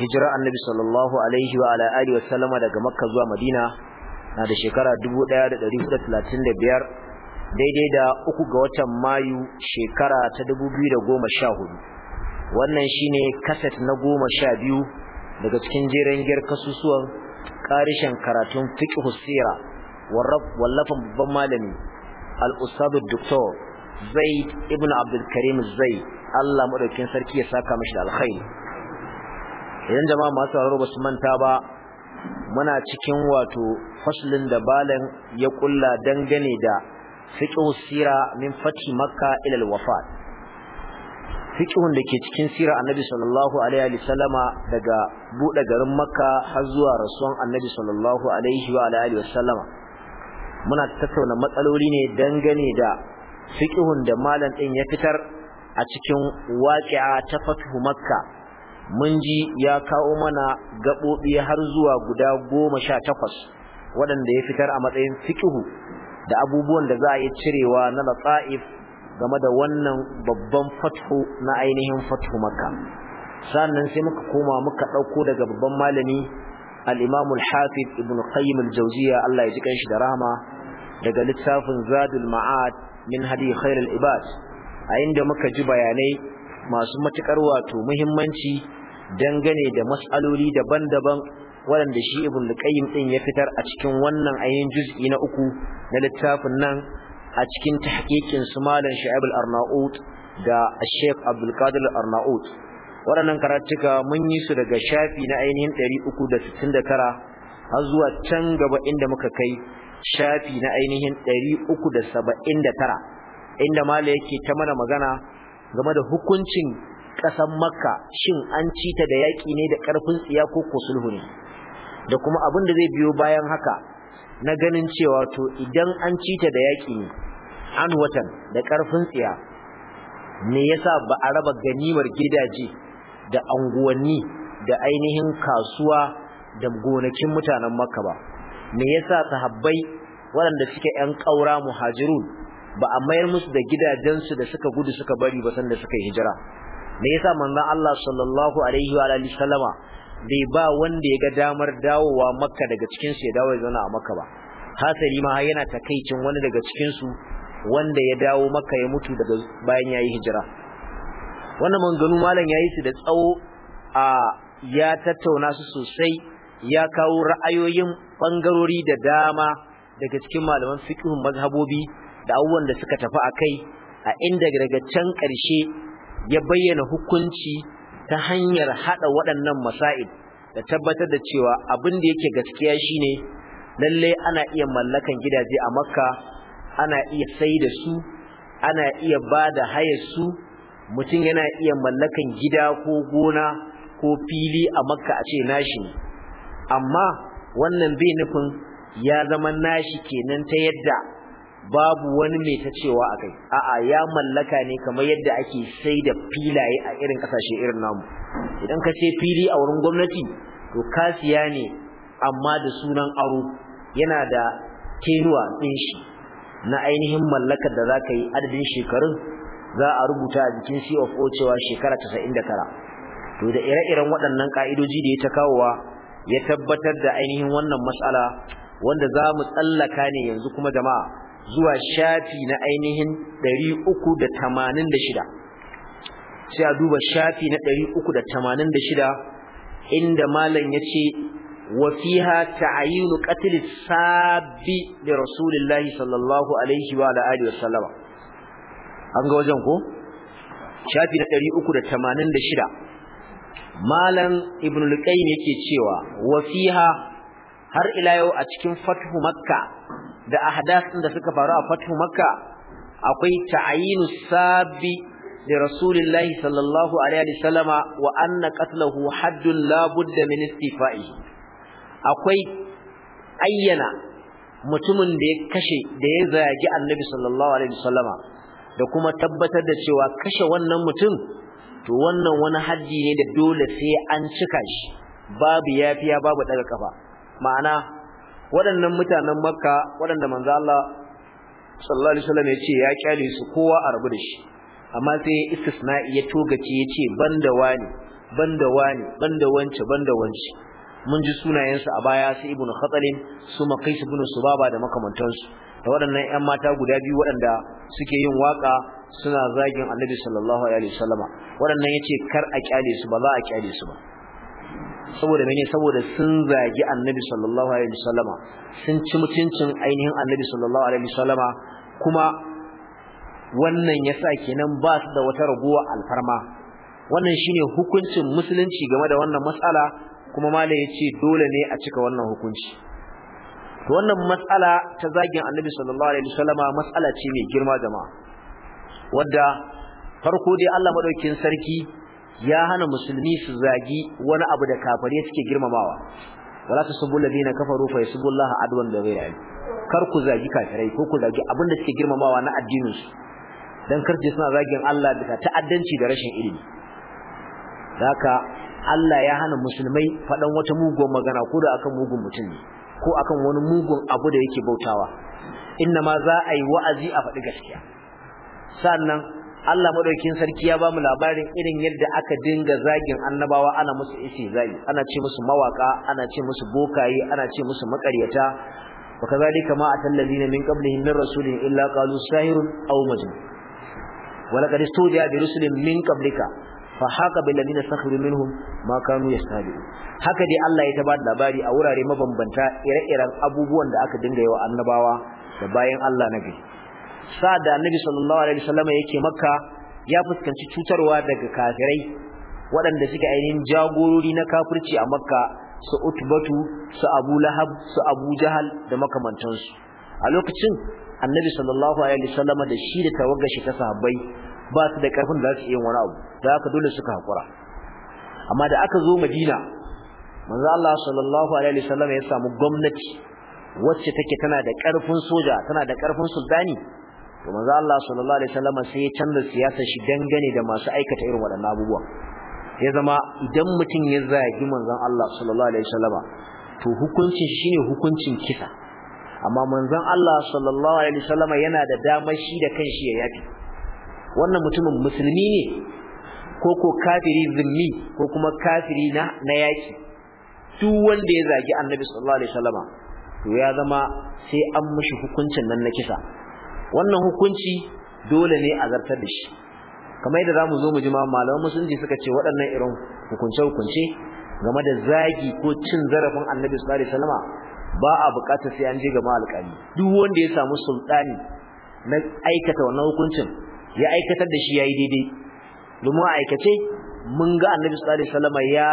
hijirar annabi sallallahu alaihi wa ala alihi wa daga makka zuwa madina na da shekara 1435 daidai da uku ga watan mayu shekara ta 2014 wannan shine kaset na goma sha biyu daga cikin jeren giyar kasusuwan karishen karatun fiqh sira wallafan babban malami al-ustad doktor zaid ibn abdul karim zaid Allah madaukakin sarki ya saka mashi da alkhairi idan jama'a masu sauraro ba su manta ba muna cikin wato fasulin da balan ya kulla dangane da fiqhu sira min fati makka ila al-wafat fiqhun da ke cikin sira annabi sallallahu alaihi wa sallama daga bude garin makka har zuwa rasuwan annabi sallallahu alaihi wa alihi wa sallama muna tattauna matsaloli ne dangane da fiqhun da malam din ya fitar a cikin waqi'a ta fathu makka mun ji ya kawo mana gaɓoɓi har zuwa guda goma sha takwas waɗanda ya fitar a matsayin fikihu da abubuwan da za a yi cirewa na latsa'if game da wannan babban fathu na ainihin fathu makka sannan sai muka koma muka ɗauko daga babban malami al-imam al-hafiz ibn qayyim al-jawziya Allah ya ji kanshi da rahama daga littafin zadul ma'ad min hadi khairul ibad a inda muka ji bayanai masu matukar wato muhimmanci dangane da matsaloli daban-daban waɗanda shi ibn luqayyim din ya fitar a cikin wannan ayin juz'i na uku na littafin nan a cikin tahqiqin su malam Shu'aib al-Arnaut da Sheikh Abdul Qadir al-Arnaut waɗannan karatuka mun yi su daga shafi na ainihin 369 har zuwa can gaba inda muka kai shafi na ainihin 379 inda mala yake ta mana magana game da hukuncin ƙasar makka shin an cita da yaƙi ne da ƙarfin tsiya ko ko sulhu ne da kuma abin da zai biyo bayan haka na ganin cewa to idan an ci ta da yaƙi ne an watan da ƙarfin tsiya me yasa ba a raba ganimar gidaje da anguwanni da ainihin kasuwa da gonakin mutanen makka ba me yasa sahabbai waɗanda suke 'yan ƙaura muhajirun ba a mayar musu da gidajensu da suka gudu suka bari ba sanda suka yi hijira me yasa manzon Allah sallallahu alaihi wa alihi sallama bai ba wanda ya ga damar dawowa makka daga cikin su ya dawo ya zauna a makka ba hasali ma yana takaicin wani daga cikin su wanda ya dawo makka ya mutu daga bayan yayi hijira wannan manganu malam yayi su da tsawo a ya tattauna su sosai ya kawo ra'ayoyin bangarori da dama daga cikin malaman fiqhun mazhabobi da abubuwan da suka tafi a kai a inda daga can ƙarshe ya bayyana hukunci ta hanyar haɗa waɗannan masa'id da tabbatar da cewa abin da yake gaskiya shine lallai ana iya mallakan gidaje a makka ana iya sai da su ana iya ba da hayar su mutum yana iya mallakan gida ko gona ko fili a makka a ce nashi ne amma wannan bai nufin ya zama nashi kenan ta yadda babu wani mai ta cewa a kai. a'a ya mallaka ne kamar yadda ake sai da filaye a irin kasashe irin namu idan ka ce fili a wurin gwamnati to kasiya ne amma da sunan aro yana da teruwa din shi na ainihin mallakar da za ka yi adadin shekarun za a rubuta a jikin C of O cewa shekara tara. to da ire-iren waɗannan ƙa'idoji da ya ta kawowa ya tabbatar da ainihin wannan matsala wanda za mu tsallaka ne yanzu kuma jama'a zuwa shafi na ainihin 386 sai a duba shafi na 386 inda malam yace wa fiha ta'ayinu qatl sabbi li rasulillahi sallallahu alaihi wa ala alihi wasallam an ga wajen ko shafi na 386 malam ibn al-qayyim yake cewa wa fiha har ila yau a cikin fathu makka da ahdath da suka faru a fatu makka akwai ta'ayinu sabi da rasulullahi sallallahu alaihi sallama wa anna qatluhu haddun la budda min istifa'i akwai ayyana mutumin da ya kashe da ya zagi annabi sallallahu alaihi sallama da kuma tabbatar da cewa kashe wannan mutum to wannan wani haddi ne da dole sai an cika shi babu yafiya babu daga kafa ma'ana waɗannan mutanen makka waɗanda manzo Allah sallallahu alaihi wasallam ya ya kyale su kowa a rabu da shi amma sai ya istisna'i ya togace yace ce banda wani banda wani banda wance banda wance mun ji su a baya sai ibnu khatalin su maqis ibn subaba da makamantansu da waɗannan ƴan mata guda biyu waɗanda suke yin waka suna zagin annabi sallallahu alaihi wasallama waɗannan yace kar a kyale su ba za a kyale su ba saboda mene saboda sun zagi annabi sallallahu alaihi wasallama sun ci mutuncin ainihin annabi sallallahu alaihi wasallama kuma wannan yasa kenan ba su da wata raguwa alfarma wannan shine hukuncin musulunci game da wannan matsala kuma malai yace dole ne a cika wannan hukunci to wannan matsala ta zagin annabi sallallahu alaihi wasallama matsala ce mai girma jama'a wadda farko dai Allah madaukin sarki ya hana musulmi su zagi wani abu da kafare suke girmamawa wala tasubbu alladhina kafaru fa yasubbullaha adwan da ghayri kar ku zagi kafirai ko ku zagi abin da suke girmamawa na addinin su dan je suna zagin Allah da ta'addanci da rashin ilimi haka Allah ya hana musulmai faɗan wata mugun magana ko da akan mugun mutum ne ko akan wani mugun abu da yake bautawa inna ma za a yi wa'azi a faɗi gaskiya sannan Allah madaukin sarki ya bamu labarin irin yadda aka dinga zagin annabawa ana musu zai ana ce musu mawaka ana ce musu bokaye ana ce musu makaryata wa kazalika ma atallazina min qablihim min rasulin illa qalu sahirun aw majnun wa laqad istuja bi rusulin min qablika fa haka bil ladina sakhiru minhum ma kanu yastahzi'un haka dai Allah ya tabbata labari a wurare mabambanta ire-iren abubuwan da aka dinga yawa annabawa da bayan Allah na gari sa da annabi sallallahu alaihi wasallam yake makka ya fuskanci cutarwa daga kafirai waɗanda suke ainihin jagorori na kafirci a makka su utbatu su abu lahab su abu jahal da makamantansu a lokacin annabi sallallahu alaihi wasallam da shi da tawagar shi ta sahabbai ba su da karfin da za su iya wani abu da haka dole suka hakura amma da aka zo madina manzo Allah sallallahu alaihi wasallam ya samu gwamnati wacce take tana da karfin soja tana da karfin sultani to manzo Allah sallallahu alaihi wasallam sai ya canza siyasar shi dangane da masu aikata irin waɗannan abubuwa ya zama idan mutum ya zagi manzon Allah sallallahu alaihi wasallam to hukuncin shi shine hukuncin kisa amma manzon Allah sallallahu alaihi wasallam yana da damar shi da kanshi ya yafi wannan mutumin musulmi ne ko ko kafiri zimmi ko kuma kafiri na na yaki duk wanda ya zagi annabi sallallahu alaihi wasallam to ya zama sai an mishi hukuncin nan na kisa wannan hukunci dole ne a zartar da shi kamar yadda zamu zo mu ji ma malaman musulunci suka ce waɗannan irin hukunce hukunce game da zagi ko cin zarafin Annabi sallallahu alaihi ba a buƙatar sai an je ga alƙali duk wanda ya samu sultani na aikata wannan hukuncin ya aikatar da shi yayi daidai domin a aikace mun ga Annabi sallallahu alaihi ya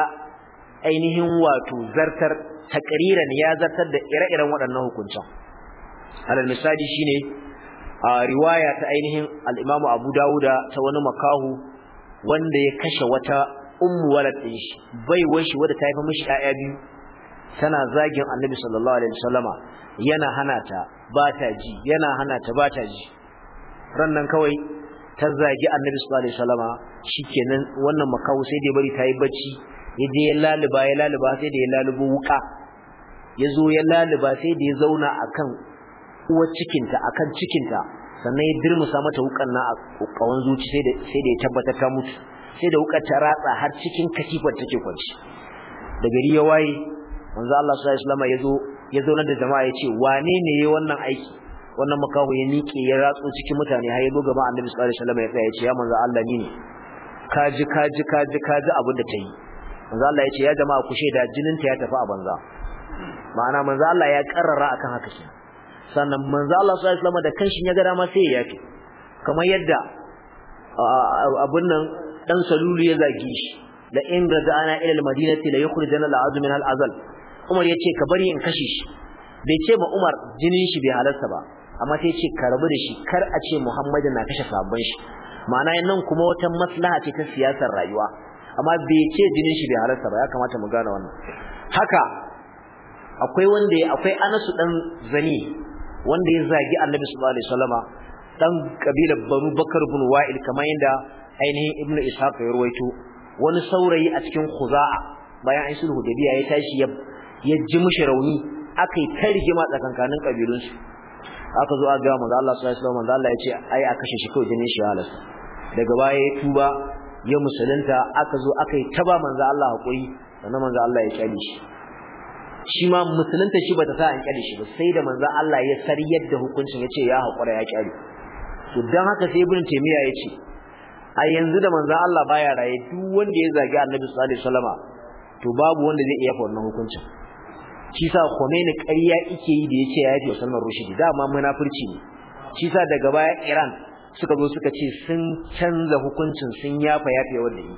ainihin wato zartar takriran ya zartar da ire-iren waɗannan hukuncin alal misali shine a riwaya ta ainihin al Abu Dawuda ta wani makahu wanda ya kashe wata ummu walad din shi bai wanshi wanda ta haifa mishi ƴaƴa biyu tana zagin Annabi sallallahu alaihi wasallama yana hana ta ba ta ji yana hana ta ba ta ji rannan kawai ta zagi Annabi sallallahu alaihi wasallama shikenan wannan makahu sai da bari ta yi bacci ya je ya laluba ya laluba sai da ya lalubo wuka ya zo ya laluba sai da ya zauna akan uwar cikinta akan cikinta sannan ya dirmusa mata wukan na a kawan zuci sai da sai da ya tabbatar ta mutu sai da wukar ta ratsa har cikin katifar take kwanci da gari ya waye manzo Allah sallallahu alaihi wasallam ya zo ya da jama'a ya ce wane ne yayi wannan aiki wannan makaho ya nike ya ratso cikin mutane har ya zo gaba Annabi sallallahu alaihi wasallam ya tsaya ya ce ya manzo Allah ni ne kaji kaji kaji kaji abin da ta yi manzo Allah ya ce ya jama'a ku shaida jinin ta ya tafi a banza ma'ana manzo Allah ya karrara akan haka kenan sannan manzo Allah sallallahu alaihi da kanshi ya ga dama sai ya yake. kamar yadda abun nan dan salulu ya zagi shi da in ana ila almadinati la yukhrijana al'adu min al'azal Umar yace ka bari in kashe shi bai ce ma Umar jinin shi bai halarta ba amma sai ce ka rabu da shi kar a ce Muhammadu na kashe sabon shi ma'ana yannan kuma wata maslaha ce ta siyasar rayuwa amma bai ce jinin shi bai halarta ba ya kamata mu gane wannan haka akwai wanda akwai Anasu dan Zani wanda ya zagi annabi sallallahu alaihi wasallama dan kabilar banu bakar bin wa'il kamar yadda ainihin ibnu ishaq ya ruwaito wani saurayi a cikin khuza'a bayan an sulhu da biya ya tashi ya ya ji mushi rauni akai ta rigima tsakankanin kabilun su aka zo a ga manzo Allah sallallahu alaihi wasallam manzo Allah ya ce ai aka kashe shi kawai jinin shi halas daga baya ya tuba ya musulunta aka zo aka yi taba manzo Allah hakuri sannan manzo Allah ya kyale shi shi ma musulunta shi bata sa an kyale shi ba sai da manzo Allah ya sariyar da hukuncin ya ce ya hakura ya kyale to dan haka sai ibn taymiya yace a yanzu da manzo Allah baya raye duk wanda ya zagi annabi sallallahu alaihi wasallam to babu wanda zai iya faɗa wannan hukuncin shi sa Khomeini ƙarya yake yi da ya ce ya yafe Salman Rushdie dama munafurci ne shi sa daga baya Iran suka zo suka ce sun canza hukuncin sun yafa yafe wanda yi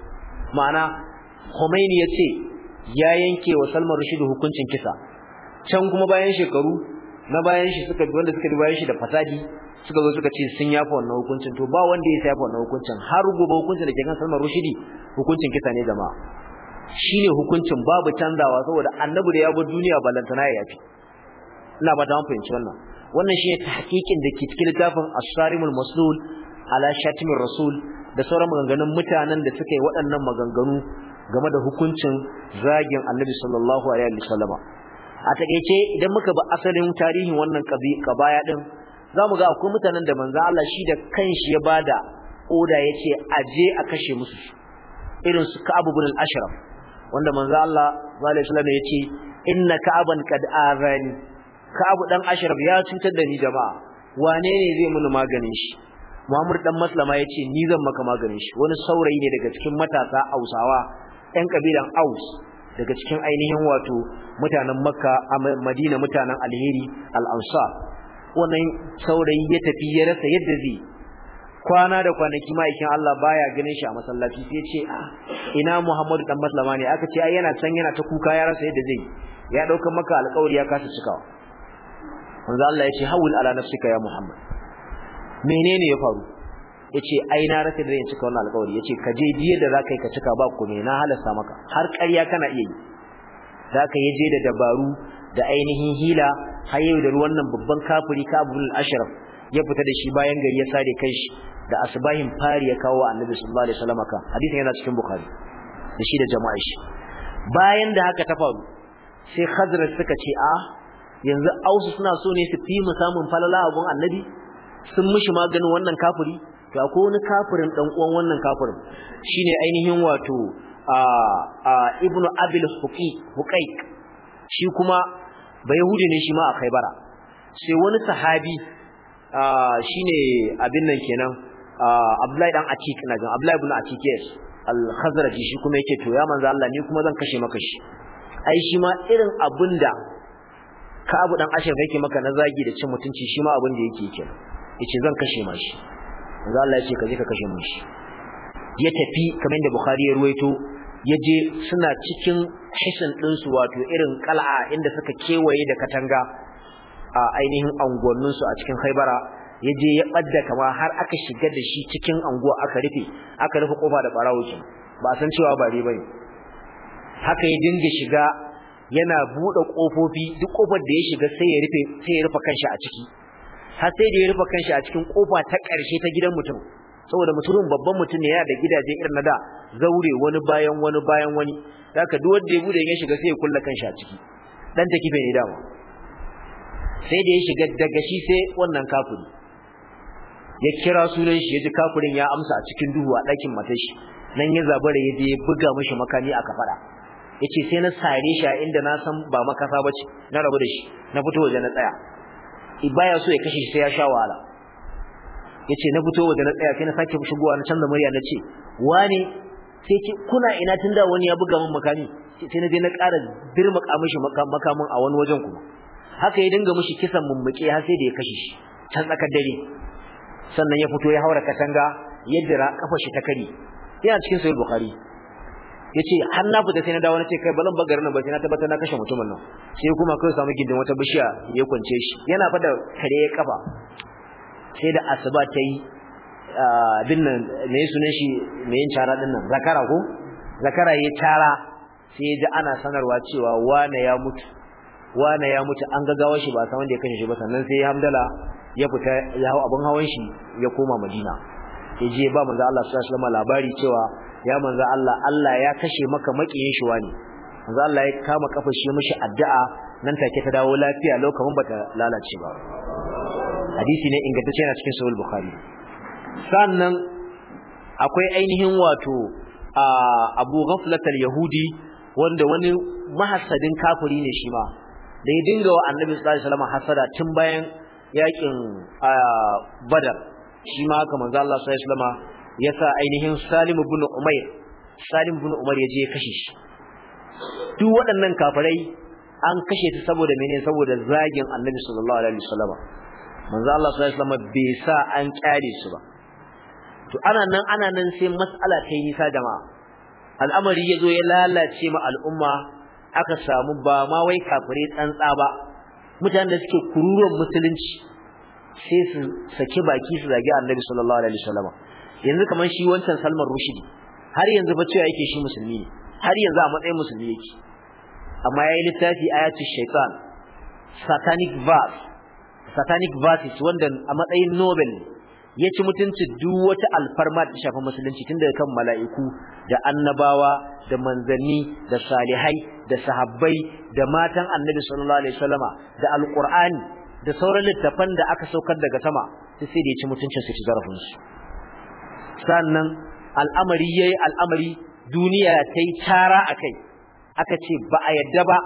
ma'ana Khomeini yace ya yanke wa Salman Rashidu hukuncin kisa can kuma bayan shekaru na bayan shi suka wanda suka bi bayan shi da fasadi suka zo suka ce sun yafa wannan hukuncin to ba wanda ya yafa wannan hukuncin har gobe hukuncin da ke kan Salman Rushdie hukuncin kisa ne jama'a shine hukuncin babu canzawa saboda annabi da ya bar duniya balantana ya yafi ina ba da fahimci wannan wannan shine tahqiqin da ke cikin littafin Asrarul sarimul Maslul ala Shatimir Rasul da sauran maganganun mutanen da suka yi waɗannan maganganu game da hukuncin zagin annabi sallallahu alaihi wasallam a takeice idan muka bi asalin tarihin wannan kabaya din zamu ga akwai mutanen da manzo Allah shi da kanshi ya bada oda yace aje a kashe musu irin su Ka'ab ibn al-Ashraf wanda manzo Allah sallallahu alaihi wasallam yace inna ka'aban kad azani ka'abu dan ashraf ya cutar da ni jama'a wane ne zai mun maganin shi Muhammad dan Maslama yace ni zan maka maganin shi wani saurayi ne daga cikin matasa Hausawa ɗan ƙabilan aus daga cikin ainihin wato mutanen makka a madina mutanen alheri alansa wannan saurayi ya tafi ya rasa yadda zai kwana da kwanaki ma'aikin Allah baya ganin shi a masallaci sai ce ah, ina Muhammadu dan Maslama ne aka ce ai yana can yana ta kuka ya rasa yadda zai ya dauka maka alƙawari ya kasa cikawa manzo Allah ya ce hawul ala nafsika ya Muhammad menene ya faru yace ai na rasa da in cika wannan alƙawari yace ka je diye da zaka yi ka cika ba kuma na halasta maka har ƙarya kana iya yi zaka je da dabaru da ainihin hila har yau da nan babban kafiri ka Abdul Ashraf ya fita da shi bayan gari ya sare kai shi da asbahin fari ya kawo Annabi sallallahu alaihi wasallam ka hadisin yana cikin Bukhari da shi da jama'a shi bayan da haka ta faru sai Khazraj suka ce a ah, yanzu Ausu suna so ne su fi mu samun falala abun Annabi sun mishi maganin wannan kafiri Ga ko wani kafirin dan uwan wannan kafirin shine ainihin wato a a ibnu abil huqi huqaiq shi kuma bai yahudi ne shi ma a khaybara sai wani sahabi shine abin nan kenan abdullahi dan atik na ga abdullahi ibn atik yes al-khazraji shi kuma yake to ya manzo Allah ni kuma zan kashe maka shi ai shi ma irin abinda ka abu dan ashir kake maka na zagi da cin mutunci shi ma abin da yake yake yace zan kashe ma shi manzo Allah ya ka je ka kashe mun shi ya tafi kamar da Bukhari ya ruwaito ya je suna cikin hisin ɗinsu wato irin kal'a inda suka kewaye da katanga a ainihin su a cikin haibara ya je ya ɓadda kama har aka shiga da shi cikin anguwa aka rufe aka rufe kofa da barawuci ba san cewa ba ne bane haka ya dinga shiga yana bude kofofi duk ƙofar da ya shiga sai ya rufe sai ya rufe kanshi a ciki har sai da ya rufe kanshi a cikin kofa ta ƙarshe ta gidan mutum saboda mutumin babban mutum ne yana da gidaje irin na da zaure wani bayan wani bayan wani haka duk wanda ya bude ya shiga sai ya kulla kanshi a ciki dan ta kife ne dama sai da ya shiga daga shi sai wannan kafuri ya kira sunan shi ya ji kafurin ya amsa a cikin duhu a ɗakin matar shi nan ya zabara ya je ya buga mashi makami a faɗa ya ce sai na sare shi a inda na san ba makasa ba ce na rabu da shi na fito waje na tsaya baya so ya kashe sai ya sha wahala yace na fito waje na tsaya sai na sake shigowa na canza murya na ce wani sai ki kuna ina tunda wani ya buga min makami sai na je na ƙara dirmaka mishi makamin a wani wajen kuma haka ya dinga mishi kisan mummuke har sai da ya kashe shi can tsakar dare sannan ya fito ya haura katanga ya jira kafa shi ta kare yana cikin sahih bukhari yace har na fita sai na dawo na ce kai ba zan bagarin garin nan ba sai na tabbatar na kashe mutumin nan sai kuma kai samu gindin wata bishiya ya kwance shi yana fada kare ya kafa sai da asuba ta yi nan me ya sunan shi me yin cara nan. zakara ko zakara ya tara sai ya ji ana sanarwa cewa wane ya mutu wane ya mutu an gaggawa shi ba san wanda ya kashe shi ba sannan sai ya hamdala ya fita ya hau abin hawan shi ya koma madina ya je ba manzo Allah sallallahu alaihi wasallam labari cewa ya manzo Allah Allah ya kashe maka makiyin shi wani manzo Allah ya kama kafa shi mishi addu'a nan take ta dawo lafiya lokacin bata lalace ba hadisi ne ingantacce yana cikin sahih bukhari sannan akwai ainihin wato Abu Ghaflat al-Yahudi wanda wani mahassadin kafiri ne shi ma da ya dinga wa Annabi sallallahu alaihi wasallam hasada tun bayan yakin Badar shi ma haka manzo Allah sallallahu alaihi wasallam yasa ainihin Salim ibn Umayr Salim ibn Umar ya je ya kashe shi duk waɗannan kafirai an kashe su saboda menene saboda zagin Annabi sallallahu alaihi wasallam manzo Allah sallallahu alaihi wasallam bai sa an kyare su ba to ana nan ana nan sai mas'ala ta yi nisa jama'a al'amari ya zo ya lalace ma al'umma aka samu ba ma wai kafire tsantsa ba mutanen da suke kururuwar musulunci sai su saki baki su zagi Annabi sallallahu alaihi wasallam yanzu kamar shi wancan Salman Rushdie, har yanzu ba cewa yake shi musulmi ne har yanzu a matsayin musulmi yake amma yayi littafi ayatul shaitan satanic verse satanic verses wanda a matsayin Nobel ya ci mutunci duk wata alfarma da shafa musulunci tun daga kan mala'iku da annabawa da manzanni da salihai da sahabbai da matan annabi sallallahu alaihi wasallama da alqur'ani da sauran littafan da aka saukar daga sama sai da ya ci mutuncin su ci zarafin su sannan al'amari yayi al'amari duniya ta yi tara akai aka ce ba a yadda ba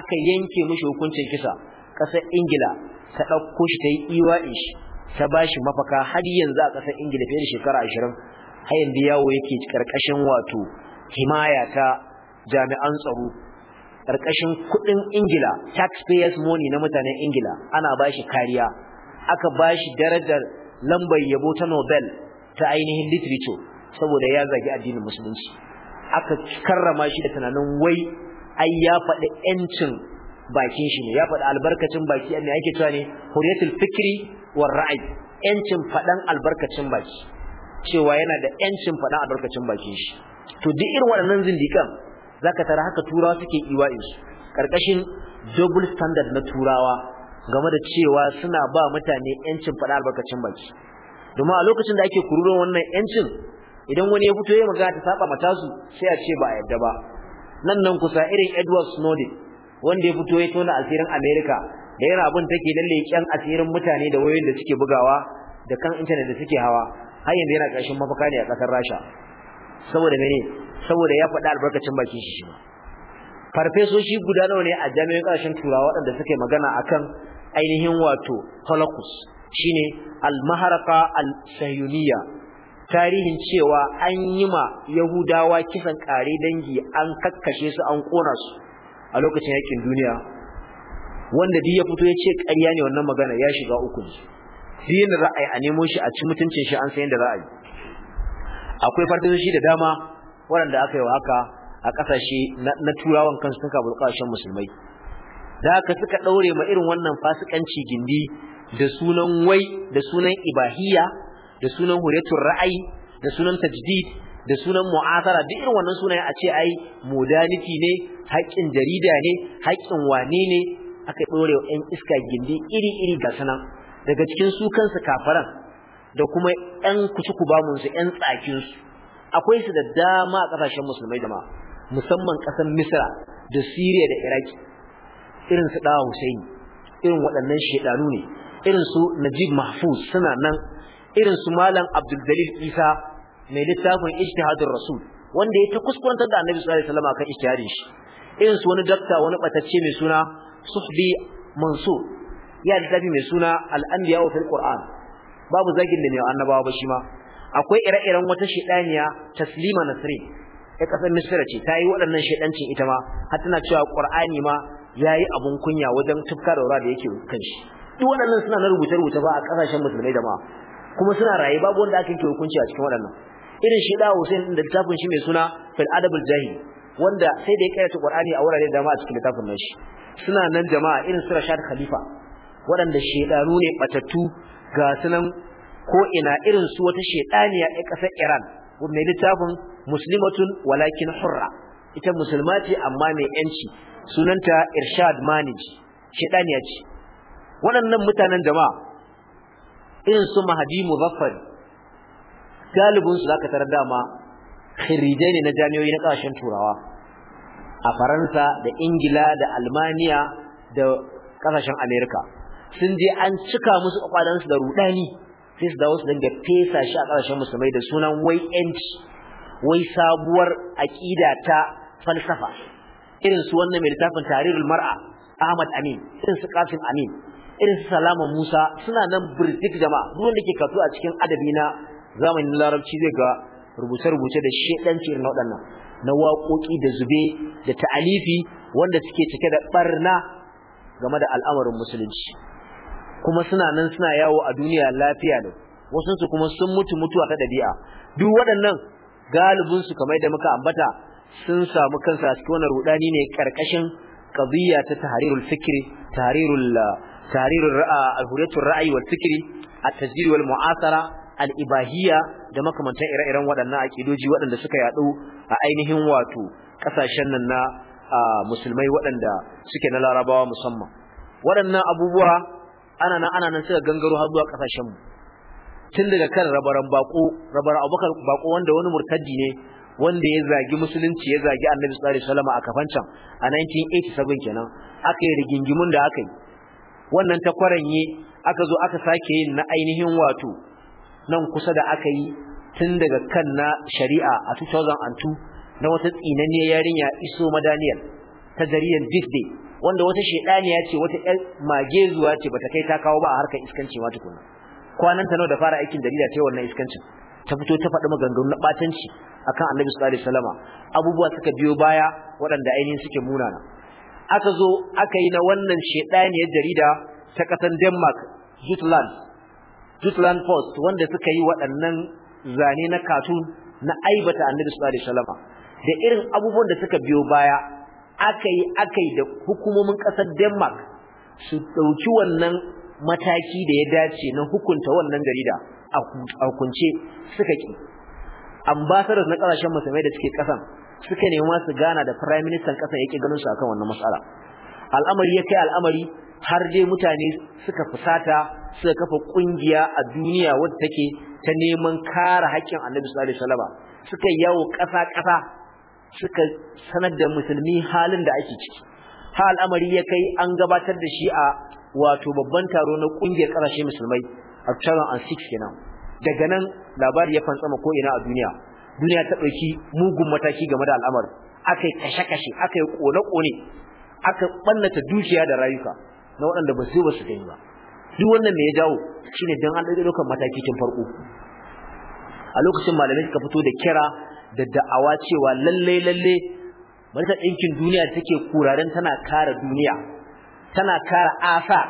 aka yanke mushi hukuncin kisa ƙasar ingila ta ɗauko shi ta yi iwa shi ta ba shi mafaka har yanzu a ƙasar ingila fiye da shekara ashirin har yanzu yawo yake ƙarƙashin wato himaya ta jami'an tsaro ƙarƙashin kuɗin ingila taxpayers money na mutanen ingila ana ba shi kariya aka ba shi darajar lambar yabo ta nobel ta ainihin literature saboda ya zagi addinin musulunci aka karrama shi da tunanin wai ai ya faɗi yancin bakin shi ne ya faɗi albarkacin baki ne ake cewa ne huriyatul fikri war ra'ayi yancin faɗan albarkacin baki cewa yana da yancin faɗan albarkacin bakin shi to duk irin waɗannan zindikan zaka tara haka turawa suke iwa'in su karkashin double standard na turawa game da cewa suna ba mutane yancin faɗa albarkacin baki domin a lokacin da ake kururon wannan yancin idan wani ya fito ya magana ta saba mata su sai a ce ba a yadda ba nan nan kusa irin Edward Snowden wanda ya fito ya tona asirin Amerika da yana abin take lalle kyan asirin mutane da wayoyin da suke bugawa da kan internet da suke hawa har yanzu yana ƙarshen mafaka ne a ƙasar Rasha saboda mene saboda ya faɗa albarkacin bakin shi ma farfesoshi guda nawa ne a jami'an ƙarshen turawa waɗanda suke magana akan ainihin wato Holocaust shine al maharqa al sayyuniya tarihin cewa an yi ma yahudawa kisan kare dangi an kakkashe su an kona su a lokacin yakin duniya wanda duk ya fito ya ce ƙarya ne wannan magana ya shiga uku ne duk ra'ayi a nemo shi a ci mutuncin shi an san da ra'ayi. akwai fartisoshi da dama waɗanda aka yi wa haka a ƙasashe na turawan kansu sun kabul ƙasashen musulmai da ka suka ɗaure ma irin wannan fasikanci gindi da sunan wai da sunan Ibahiya, da sunan huryatul ra'ayi da sunan tajdid da sunan mu'asara duk irin wannan sunaye a ce ai modernity ne haƙƙin jarida ne haƙƙin wane ne aka dore wa ƴan iska gindi iri iri ga sana daga cikin su kansu kafaran da kuma ƴan kuci bamun su ƴan tsakin akwai su da dama a ƙasashen musulmai jama'a musamman ƙasar Misra da siriya da Iraki irin su Dawa Hussein irin waɗannan shedanu ne irin su Najib Mahfuz suna nan irin su Malam Abdul Isa mai littafin Ijtihadur Rasul wanda ya ta kuskuntar da Annabi sallallahu alaihi wasallam akan ijtihadin shi irin su wani dakta wani batacce mai suna Suhbi Mansur ya littafi mai suna Al-Anbiya fil Qur'an babu zagin da mai annabawa ba shi ma akwai ire-iren wata shedaniya Taslima Nasrin ya kasar Misra ce ta yi waɗannan shedancin ita ma har tana cewa Qur'ani ma yayi abun kunya wajen tufka da da yake kan shi duk waɗannan suna na rubuce-rubuce ba a ƙasashen musulmai da ma kuma suna raye babu wanda ake yanke hukunci a cikin waɗannan irin shi da Hussein da littafin shi mai suna Fil Adabul Jahil wanda sai da ya karanta Qur'ani a wurare da dama a cikin littafin nan shi suna nan jama'a irin su Rashad Khalifa waɗanda shedanu ne batattu ga sunan ko ina irin su wata shedaniya a ƙasar Iran mai littafin Muslimatun walakin hurra ita musulma amma mai yanci sunanta Irshad Maniji shedaniya ce waɗannan mutanen jama'a irin su mahadi muzaffar galibin su zaka tarar dama khirijai ne na jami'o'i na kasashen turawa a faransa da ingila da almaniya da ƙasashen amerika sun je an cika musu kwakwalansu da ruɗani sai su dawo su dinga fesa shi a kasashen musulmai da sunan wai yanci wai sabuwar aƙida ta falsafa irin su wannan mai littafin tarihul mar'a Ahmad Amin irin su Qasim Amin irin salama Musa suna nan birtik jama'a duk wanda ke kasuwa a cikin adabi na zamanin larabci zai ga rubuce-rubuce da shedanci irin waɗannan na waƙoƙi da zube da ta'alifi wanda suke cike da barna game da al'amarin musulunci kuma suna nan suna yawo a duniya lafiya da wasu kuma sun mutu mutuwa ta ɗabi'a. duk waɗannan galibinsu kamar da muka ambata sun samu kansa cikin wani rudani ne karkashin qadiyya ta tahrirul fikri tahrirul Taririn al-hurriyatur ra'yi wal fikri mu'asara al-ibahiyya da makamantan ire-iren waɗannan akidoji waɗanda suka yaɗu a ainihin wato ƙasashen nan na musulmai waɗanda suke na larabawa musamman waɗannan abubuwa ana nan ana nan suka gangaro har zuwa ƙasashenmu tun daga kan rabaran bako rabar abubakar wanda wani murtaddi ne wanda ya zagi musulunci ya zagi annabi sallallahu alaihi wasallam a kafancan a 1987 kenan aka yi rigingimun da aka yi wannan ta kwaranye aka zo aka sake yin na ainihin wato nan kusa da aka yi tun daga kan na shari'a a 2002 na wata tsinanniyar yarinya iso madaniyar ta jariyar disney wanda wata shedaniya ce wata yar zuwa ce bata kai ta kawo ba a harkar iskanci ma tukuna kwanan ta nawa da fara aikin jarida ta wannan iskanci? ta fito ta faɗi maganganu na batanci akan annabi sallallahu alaihi wasallama abubuwa suka biyo baya waɗanda ainihin suke munana aka zo aka yi na wannan shedaniya jarida ta kasan Denmark Jutland Jutland Post wanda suka yi waɗannan zane na cartoon na aibata Annabi sallallahu alaihi wasallam da irin abubuwan da suka biyo baya aka yi aka yi da hukumomin kasar Denmark su dauki wannan mataki da ya dace na hukunta wannan jarida a hukunce suka ki ambassador na kasashen musulmai da suke kasan suka nema su gana da prime minister kasa yake ganin su akan wannan matsala al'amari ya kai al'amari har dai mutane suka fusata suka kafa kungiya a duniya wadda take ta neman kare haƙƙin Annabi sallallahu alaihi wasallam suka yawo ƙasa ƙasa suka sanar da musulmi halin da ake ciki ha al'amari ya kai an gabatar da shi a wato babban taro na kungiyar ƙasashe musulmai a 2006 kenan daga nan labari ya fantsama ko ina a duniya duniya ta ɗauki mugun mataki game da al'amar aka kashe-kashe aka yi ƙone-ƙone aka dukiya da rayuka na waɗanda ba su ba su gani ba duk wannan me ya jawo shine dan an dauki lokacin mataki tun farko a lokacin malamai suka fito da kira da da'awa cewa lalle lalle majalisar ɗinkin duniya take kuraren tana kara duniya tana kara asa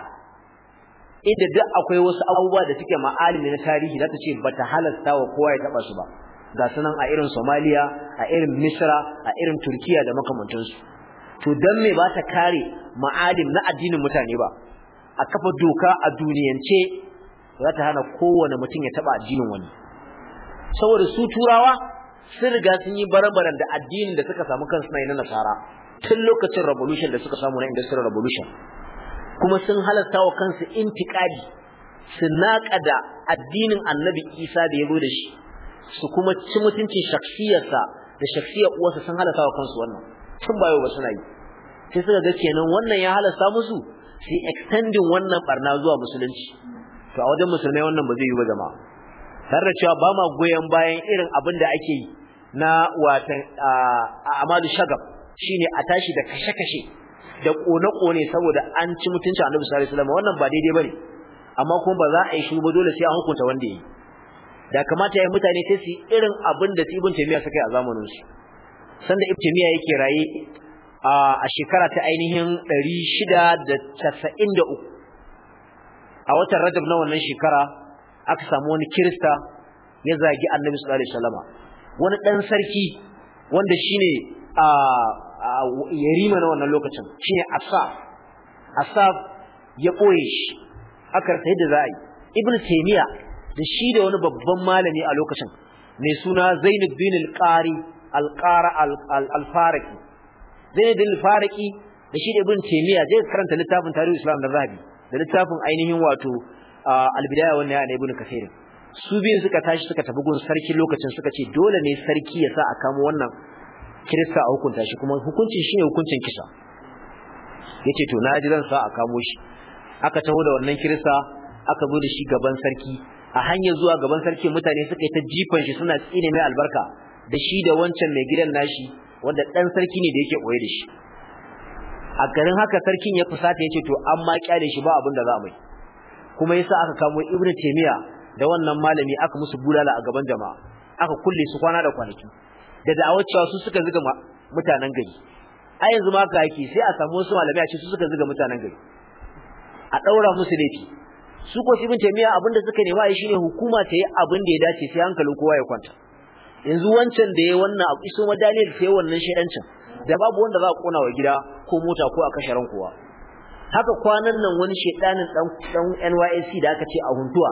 inda duk akwai wasu abubuwa da suke ma'alimi na tarihi za ta ce bata halasta wa kowa ya taba su ba ga sunan a irin Somalia a irin Misra a irin Turkiya da makamantansu to dan me ba ta kare ma'alim na addinin mutane ba a kafa doka a duniyance za ta hana kowane mutum ya taba addinin wani saboda su turawa sun riga sun yi barabaran da addinin da suka samu kansu na nasara tun lokacin revolution da suka samu na industrial revolution kuma sun halatta wa kansu intiƙadi su naƙada addinin annabi isa da ya zo da shi su kuma ci mutuncin shaksiyarsa da shakhsiyar uwarsa sun halasa wa kansu wannan tun bayo ba suna yi sai suka ga kenan wannan ya halasta musu su extending wannan barna zuwa musulunci to a wajen musulmai wannan ba zai yi ba jama'a tare da cewa ba ma goyon bayan irin abin da ake yi na watan amadu shagab shine a tashi da kashe-kashe da kone-kone saboda an ci mutuncin annabi sallallahu alaihi wasallam wannan ba daidai bane amma kuma ba za a yi shi ba dole sai an hukunta wanda yi da kamata yayin mutane sai su irin abin da Ibn Taymiyyah suka yi a zamanin su sanda Ibn Taymiyyah yake raye a shekara ta ainihin 693 a watan Rajab na wannan shekara aka samu wani Kirista ya zagi Annabi sallallahu alaihi wasallam wani dan sarki wanda shine a yarima na wannan lokacin shine Asaf Asaf ya koye shi aka rasa yadda za a yi Ibn Taymiyyah da shi da wani babban malami a lokacin mai suna Zainuddin al-Qari al-Qara al-Faraqi Zainuddin al da shi da Ibn Taymiyyah zai karanta littafin Tarihi Islam da Zahabi da littafin ainihin wato al-Bidayah ya Nihaya na Ibn su biyu suka tashi suka tafi gun sarki lokacin suka ce dole ne sarki ya sa a kamo wannan Kirista a hukunta shi kuma hukuncin shi ne hukuncin kisa yace to na ji zan sa a kamo shi aka taho da wannan Kirista aka zo da shi gaban sarki a hanyar zuwa gaban sarki mutane suka yi ta jifan shi suna tsine mai albarka da shi da wancan mai gidan nashi wanda dan sarki ne da yake koye da shi a garin haka sarkin ya fusata yace to an ma kyale shi ba abin da za mai kuma yasa aka kamo ibnu taymiya da wannan malami aka musu bulala a gaban jama'a aka kulle su kwana da kwanaki da da'awar cewa su suka zuga mutanen gari a yanzu ma ka yake sai a samu wasu malamai a ce su suka zuga mutanen gari a daura musu laifi su ko ibn taymiya abinda suka nema shi ne hukuma ta yi abin da ya dace sai hankalin kowa ya kwanta yanzu wancan da ya wannan abu iso Daniel sai wannan shedancin da babu wanda za a kona wa gida ko mota ko a kashe ran kowa haka kwanan nan wani shedanin dan dan NYSC da aka ce a huntuwa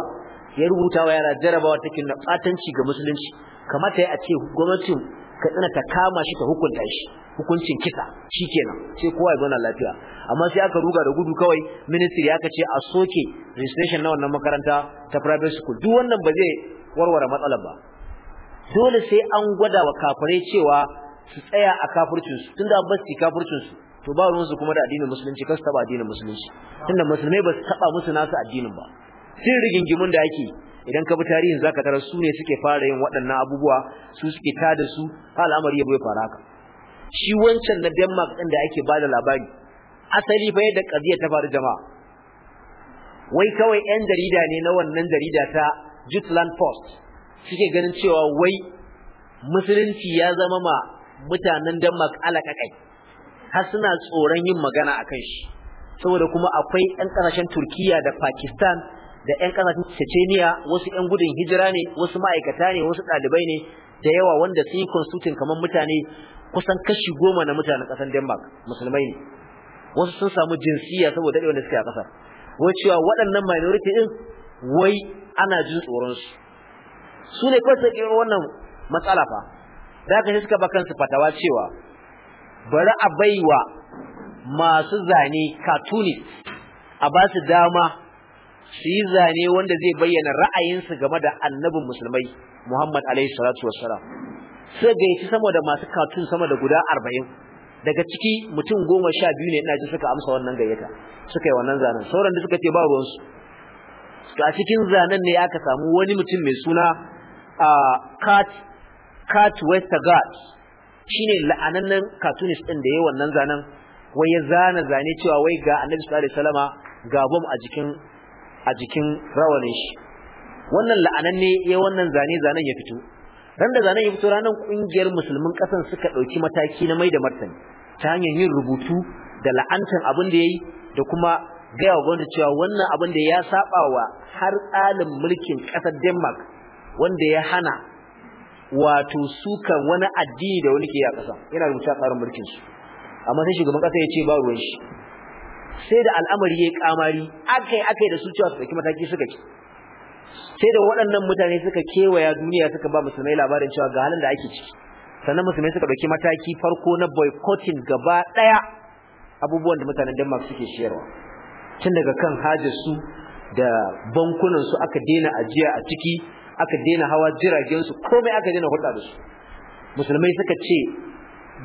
ya rubuta wa yara jarabawa take na katanci ga musulunci kamata ya a ce gwamnatin ka tsina ka kama shi ka hukunta shi hukuncin kisa shikenan sai kowa ya zauna lafiya amma sai aka ruga da gudu kawai ministry aka ce a soke registration na wannan makaranta ta private school duk wannan ba zai warware matsalar ba dole sai an gwada wa kafirai cewa su tsaya a kafircin su tunda an su kafircin su to ba ruwansu kuma da addinin musulunci su taba addinin musulunci tunda musulmai ba su taba musu nasu addinin ba sai rigingimun da ake idan ka bi tarihin zaka tarar su ne suke fara yin waɗannan abubuwa su suke tada su al'amari ya bai fara haka shi wancan na Denmark din da ake bada labari asali fa yadda kaziyar ta faru jama'a wai kawai yan jarida ne na wannan jarida ta Jutland Post suke ganin cewa wai musulunci ya zama ma mutanen Denmark kai? har suna tsoron yin magana akan shi saboda kuma akwai yan ƙasashen Turkiya da Pakistan da ƴan ƙasashen Chechenia wasu ƴan gudun hijira ne wasu ma'aikata ne wasu ɗalibai ne da yawa wanda sun yi consulting kamar mutane kusan kashi goma na mutanen ƙasar Denmark musulmai ne wasu sun samu jinsiya saboda daɗewar da suke a ƙasar wai cewa waɗannan minority ɗin wai ana jin tsoron su su ne kawai suka wannan matsala fa da haka suka ba kansu fatawa cewa bari a baiwa masu zane cartoonist a ba su dama su yi zane wanda zai bayyana ra'ayinsu game da annabin musulmai Muhammad alaihi salatu wassalam sai gaici sama da masu katun sama da guda 40 daga ciki mutum goma sha biyu ne ina ji suka amsa wannan gayyata suka yi wannan zanen sauran da suka ce ba ruwansu. su a cikin zanen ne aka samu wani mutum mai suna a Kat Kat Westergaard shine la'anannen cartoonist din da yayi wannan zanen wai ya zana zane cewa wai ga Annabi sallallahu alaihi wasallama ga bom a jikin a jikin rawanin shi wannan la'anan ne ya wannan zane zanen ya fito ran da zanen ya fito ranar kungiyar musulmin kasan suka dauki mataki na mai da martani ta hanyar yin rubutu da la'antan abin da yayi da kuma gaya wa gwamnati cewa wannan abin da ya saba wa har tsalin mulkin kasar Denmark wanda ya hana wato suka wani addini da wani ke a kasa yana rubuta tsarin mulkin su amma sai shugaban kasa ya ce ba ruwan shi sai da al'amari ya kamari akai akai da su cewa su dauki mataki suka ci sai da waɗannan mutane suka kewaya duniya suka ba musulmai labarin cewa ga halin da ake ciki sannan musulmai suka dauki mataki farko na boycotting gaba daya abubuwan da mutanen Denmark suke shiyarwa tun daga kan hajar su da bankunan su aka daina ajiya a ciki aka daina hawa jiragen su komai aka daina hulɗa da su musulmai suka ce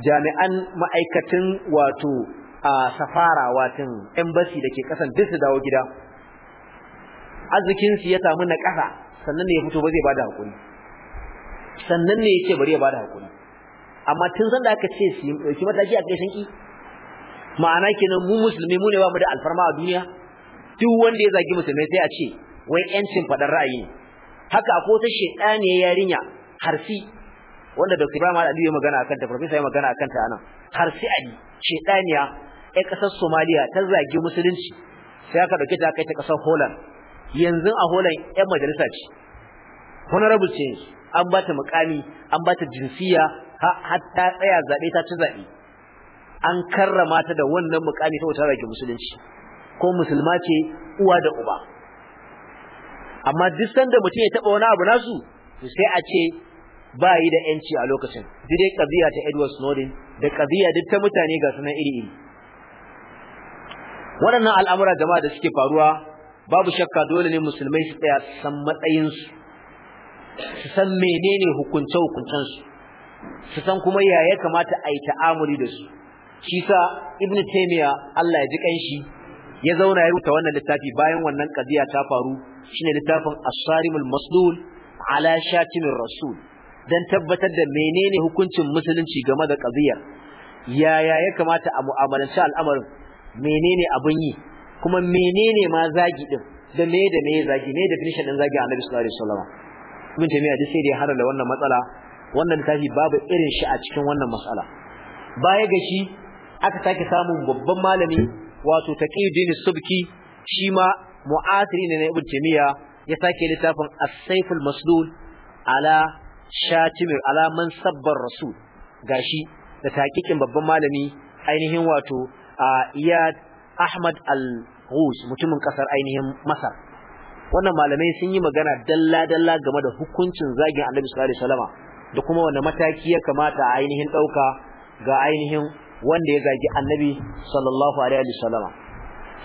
jami'an ma'aikatan wato a safara watin embassy dake kasan duk su dawo gida arzikin su ya samu na ƙasa sannan ne ya fito ba zai bada hakuri sannan ne yake bari ya bada hakuri amma tun san da aka ce shi mataki a kashin ki ma'ana kenan mu musulmi mu ne ba mu da alfarma a duniya duk wanda ya zagi musulmai sai a ce wai yancin fadar ra'ayi haka akwai wata shedani yarinya harsi wanda Dr. Ibrahim Ali ya magana akan ta, Professor ya magana akan ta anan. harsi Ali shedaniya ya kasar Somalia ta zagi musulunci sai aka dauke ta kai ta kasar Holland yanzu a Holland yan majalisa ce honorable ce an ba ta mukami an ba ta jinsiya har ta tsaya zabe ta ci zabe an karrama ta da wannan mukami ta wata zagi musulunci ko musulma ce uwa da uba amma duk sanda mutum ya taba wani abu nasu sai a ce ba yi da yanci a lokacin dai kaziya ta Edward Snowden da kaziya duk ta mutane ga sunan iri iri waɗannan al'amura jama'a da suke faruwa babu shakka dole ne musulmai su tsaya su san matsayinsu su san menene hukunce hukuncensu su san kuma ya ya kamata a yi ta'amuli da su shi sa ibn taymiya Allah ya ji kanshi ya zauna ya rubuta wannan littafi bayan wannan kadiya ta faru shine littafin as-sarimul maslul ala shatimir rasul dan tabbatar da menene hukuncin musulunci game da ƙaziyar, yaya ya kamata a mu'amalanci al'amarin menene abun yi kuma menene ma zagi din da me da me zagi me definition din zagi Annabi sallallahu alaihi wasallam ibn taymiya duk sai da har da wannan matsala wannan tafi babu irin shi a cikin wannan matsala baya ga shi aka sake samun babban malami wato taqiyuddin subki shi ma mu'asiri ne na ibn taymiya ya sake littafin as-sayful maslul ala shatimir ala man sabbar rasul gashi da takikin babban malami ainihin wato a Iyad Ahmad Al-Ghus mutumin kasar ainihin Masar wannan malamai sun yi magana dalla dalla game da hukuncin zagin Annabi sallallahu alaihi wasallam da kuma wanda mataki ya kamata a ainihin dauka ga ainihin wanda ya zagi Annabi sallallahu alaihi wasallam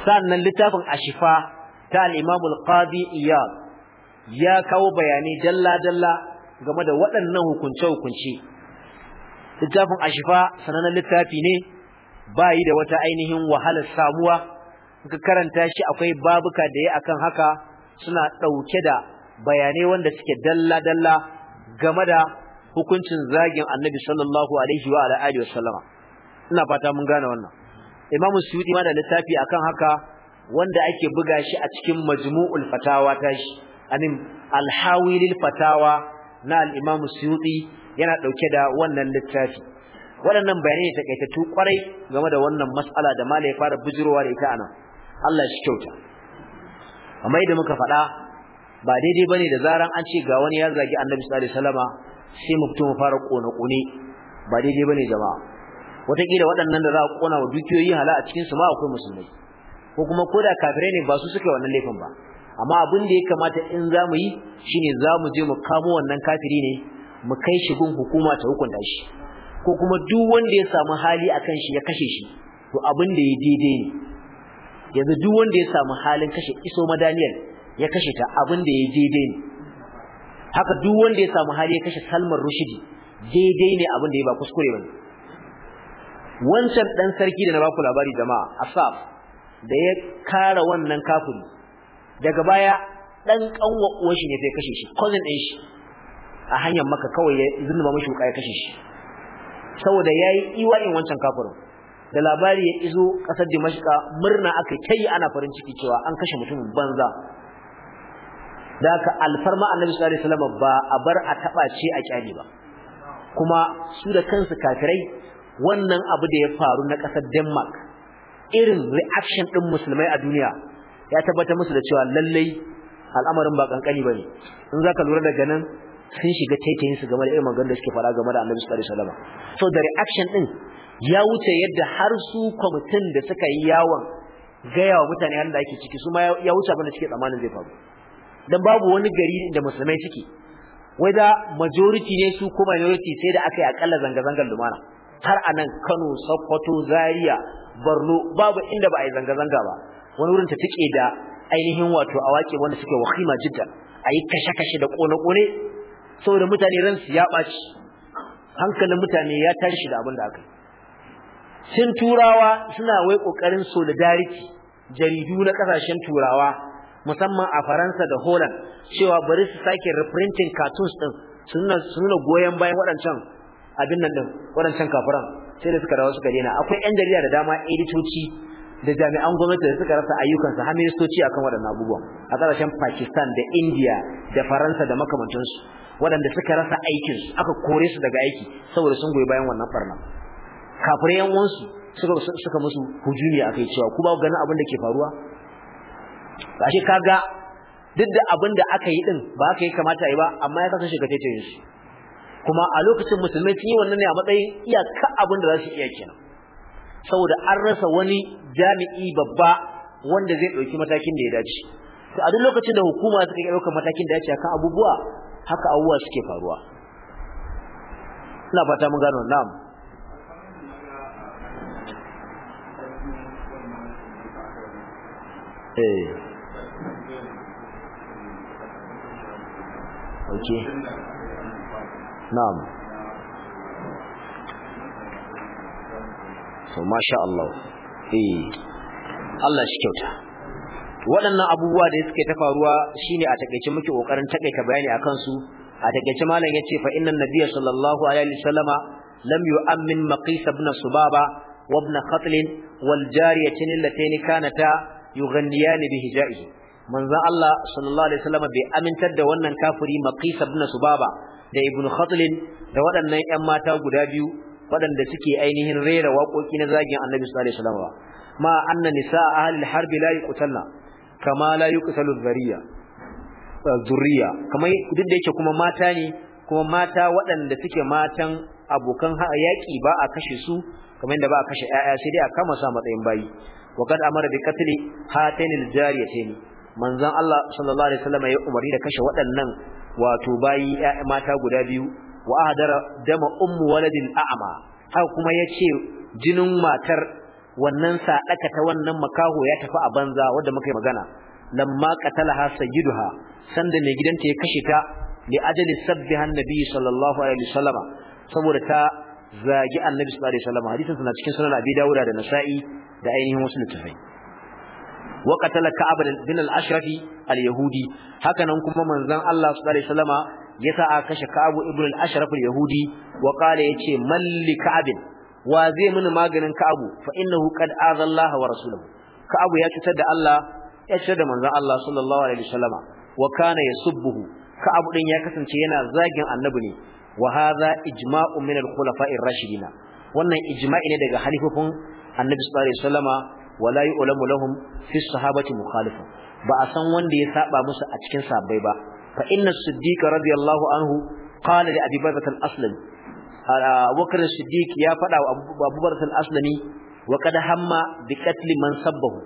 sannan littafin Ashifa ta al-Imam al-Qadi Iyad ya kawo bayani dalla dalla game da waɗannan hukunce hukunce littafin Ashifa sananan littafi ne bayi da wata ainihin wahalar samuwa ka karanta shi akwai babuka da ya akan haka suna ɗauke da bayanai wanda suke dalla-dalla game da hukuncin zagin annabi sallallahu alaihi wa alihi wasallama ina fata mun gane wannan imam suyuti ma da littafi akan haka wanda ake buga shi a cikin majmu'ul fatawa ta shi anin alhawilil fatawa na al-imam suyuti yana ɗauke da wannan littafi waɗannan bayanai ne takaitattu kwarai game da wannan mas'ala da malai fara bujirowa da ita anan Allah shi kyauta amma idan muka faɗa ba daidai bane da zaran an ce ga wani ya zagi Annabi sallallahu alaihi wasallama sai mu fito mu fara kona kone ba daidai bane jama'a wataƙila waɗannan da za ku kona wa dukiyoyi hala a cikin su ma akwai musulmai ko kuma koda kafirai ne ba su suka wannan laifin ba amma abin da ya kamata in za mu yi shine za mu je mu kamo wannan kafiri ne mu kai shi gun hukuma ta hukunta shi ko kuma duk wanda ya samu hali kan shi ya kashe shi to abin da ya daidai ne yanzu duk wanda ya samu halin kashe iso madaniyar ya kashe ta abin da ya daidai ne haka duk wanda ya samu hali ya kashe salman rushidi daidai ne abin da ya ba kuskure bane wancan dan sarki da na baku labari jama'a asaf da ya kara wannan kafin daga baya dan kanwa uwan shi ne sai kashe shi cousin din shi a hanyar maka kawai ya zunnuba mashi wuka ya kashe shi saboda ya yayi iwayin wancan kafirin da labari ya izo kasar Dimashqa murna aka kai ana farin ciki cewa an kashe mutumin banza da ka alfarma Annabi sallallahu alaihi wasallam ba a bar a taba ce a kyale ba kuma su da kansu kafirai wannan abu da ya faru na kasar Denmark irin reaction din musulmai a duniya ya tabbata musu da cewa lallai al'amarin ba kankani bane in zaka lura daga nan sun shiga taitayin game da irin maganar da suke fara game da Annabi sallallahu alaihi wasallam so the reaction din ya wuce yadda har su kwamitin da suka yi yawon gaya wa mutane halin da ake ciki su ma ya wuce abin da suke tsammanin zai faru dan babu wani gari da musulmai suke wai da majority ne su ko minority sai da aka yi akalla zanga-zangar lumana har a nan Kano, Sokoto, Zaria, Borno babu inda ba a yi zanga-zanga ba wani wurin ta tike da ainihin wato awaki wanda suke wahima jidda a yi kashe-kashe da kone-kone saboda mutane ransu ya baci hankalin mutane ya tashi da abin da aka sun turawa suna wai kokarin solidarity jaridu na kasashen turawa musamman a faransa da holland cewa bari su sake reprinting cartoons ɗin su nuna goyon bayan waɗancan abin nan ɗin waɗancan kafiran sai da suka dawo suka daina akwai 'yan jarida da dama editoci da jami'an gwamnati da suka rasa ayyukansu har ministoci akan waɗannan abubuwan a ƙasashen Pakistan da India da Faransa da makamantansu waɗanda suka rasa aikin su aka kore su daga aiki saboda sun goyi bayan wannan barna kafirai yan wansu suka suka musu hujumi akai cewa ku ba ku ganin abin da ke faruwa ashe kaga duk da abin da aka yi din ba aka yi kamata a yi ba amma ya kasance ga taitayin kuma a lokacin musulmai sun yi wannan ne a matsayin iyaka abin da za su iya kenan saboda an rasa wani jami'i babba wanda zai ɗauki matakin da ya dace to a duk lokacin da hukuma suka ɗauka matakin da ya dace akan abubuwa haka abubuwa suke faruwa ina fata mun gano na'am eh okay na'am so masha Allah eh Allah shi kyauta waɗannan abubuwa da suke ta faruwa shine a takeice muke kokarin takaita bayani akan su a takeice malam yace fa innan nabiyyu sallallahu alaihi wasallama lam yu'ammin maqis ibn subaba wa ibn khatl wal jariyatin allatayn kanata yughanniyan bi hijaihi manzon Allah sallallahu alaihi wasallama bai amintar da wannan kafiri maqis ibn subaba da ibn khatl da waɗannan ƴan mata guda biyu waɗanda suke ainihin rera waƙoƙi na zagin annabi sallallahu alaihi wasallama ma anna nisa ahli al-harb la yuqtalna kama la yuqsalu dhariya eh, zuriya kamar duk da yake kuma mata ne kuma mata waɗanda suke matan abokan yaƙi ba a kashe su kamar yadda ba a kashe ƴaƴa sai dai a kama sa matsayin bayi wa kad amara bi qatli hatainil jariyatayn manzon Allah sallallahu alaihi wasallam ya umarni da kashe waɗannan wato bayi mata guda biyu wa ahdara dama ummu waladin a'ma haka kuma yace jinin matar wannan sadaka ta wannan makaho ya tafi a banza wanda muka yi magana lamma qatalaha sayyiduha sanda mai gidanta ya kashe ta li ajali sabbiha annabi sallallahu alaihi wasallama saboda ta zagi annabi sallallahu alaihi wasallama hadisin suna cikin sunan abi dawuda da nasa'i da ainihin wasu littafai wa qatala ka'ab bin al-ashrafi al-yahudi hakanan kuma manzon Allah sallallahu alaihi ya sa a kashe ka'ab ibn al-ashraf al-yahudi wa qala yace malli ka'ab wa zai mini maganin ka'abu fa innahu qad azalla wa rasuluhu ka'abu ya cutar da Allah ya cutar da manzon Allah sallallahu alaihi wasallama wa kana yasubbuhu ka'abu din ya kasance yana zagin annabi ne wa hadha ijma'un min al-khulafa'ir rashidin wannan ijma'i ne daga halifofin annabi sallallahu alaihi wasallama wala yu'lamu lahum fi sahabati mukhalifa ba a san wanda ya saba musu a cikin sahabbai ba fa inna as-siddiq radiyallahu anhu qala li abi bakr al Abubakar Siddiq ya faɗa wa Abubakar al-Aslami wa kada hamma bi qatl man sabbahu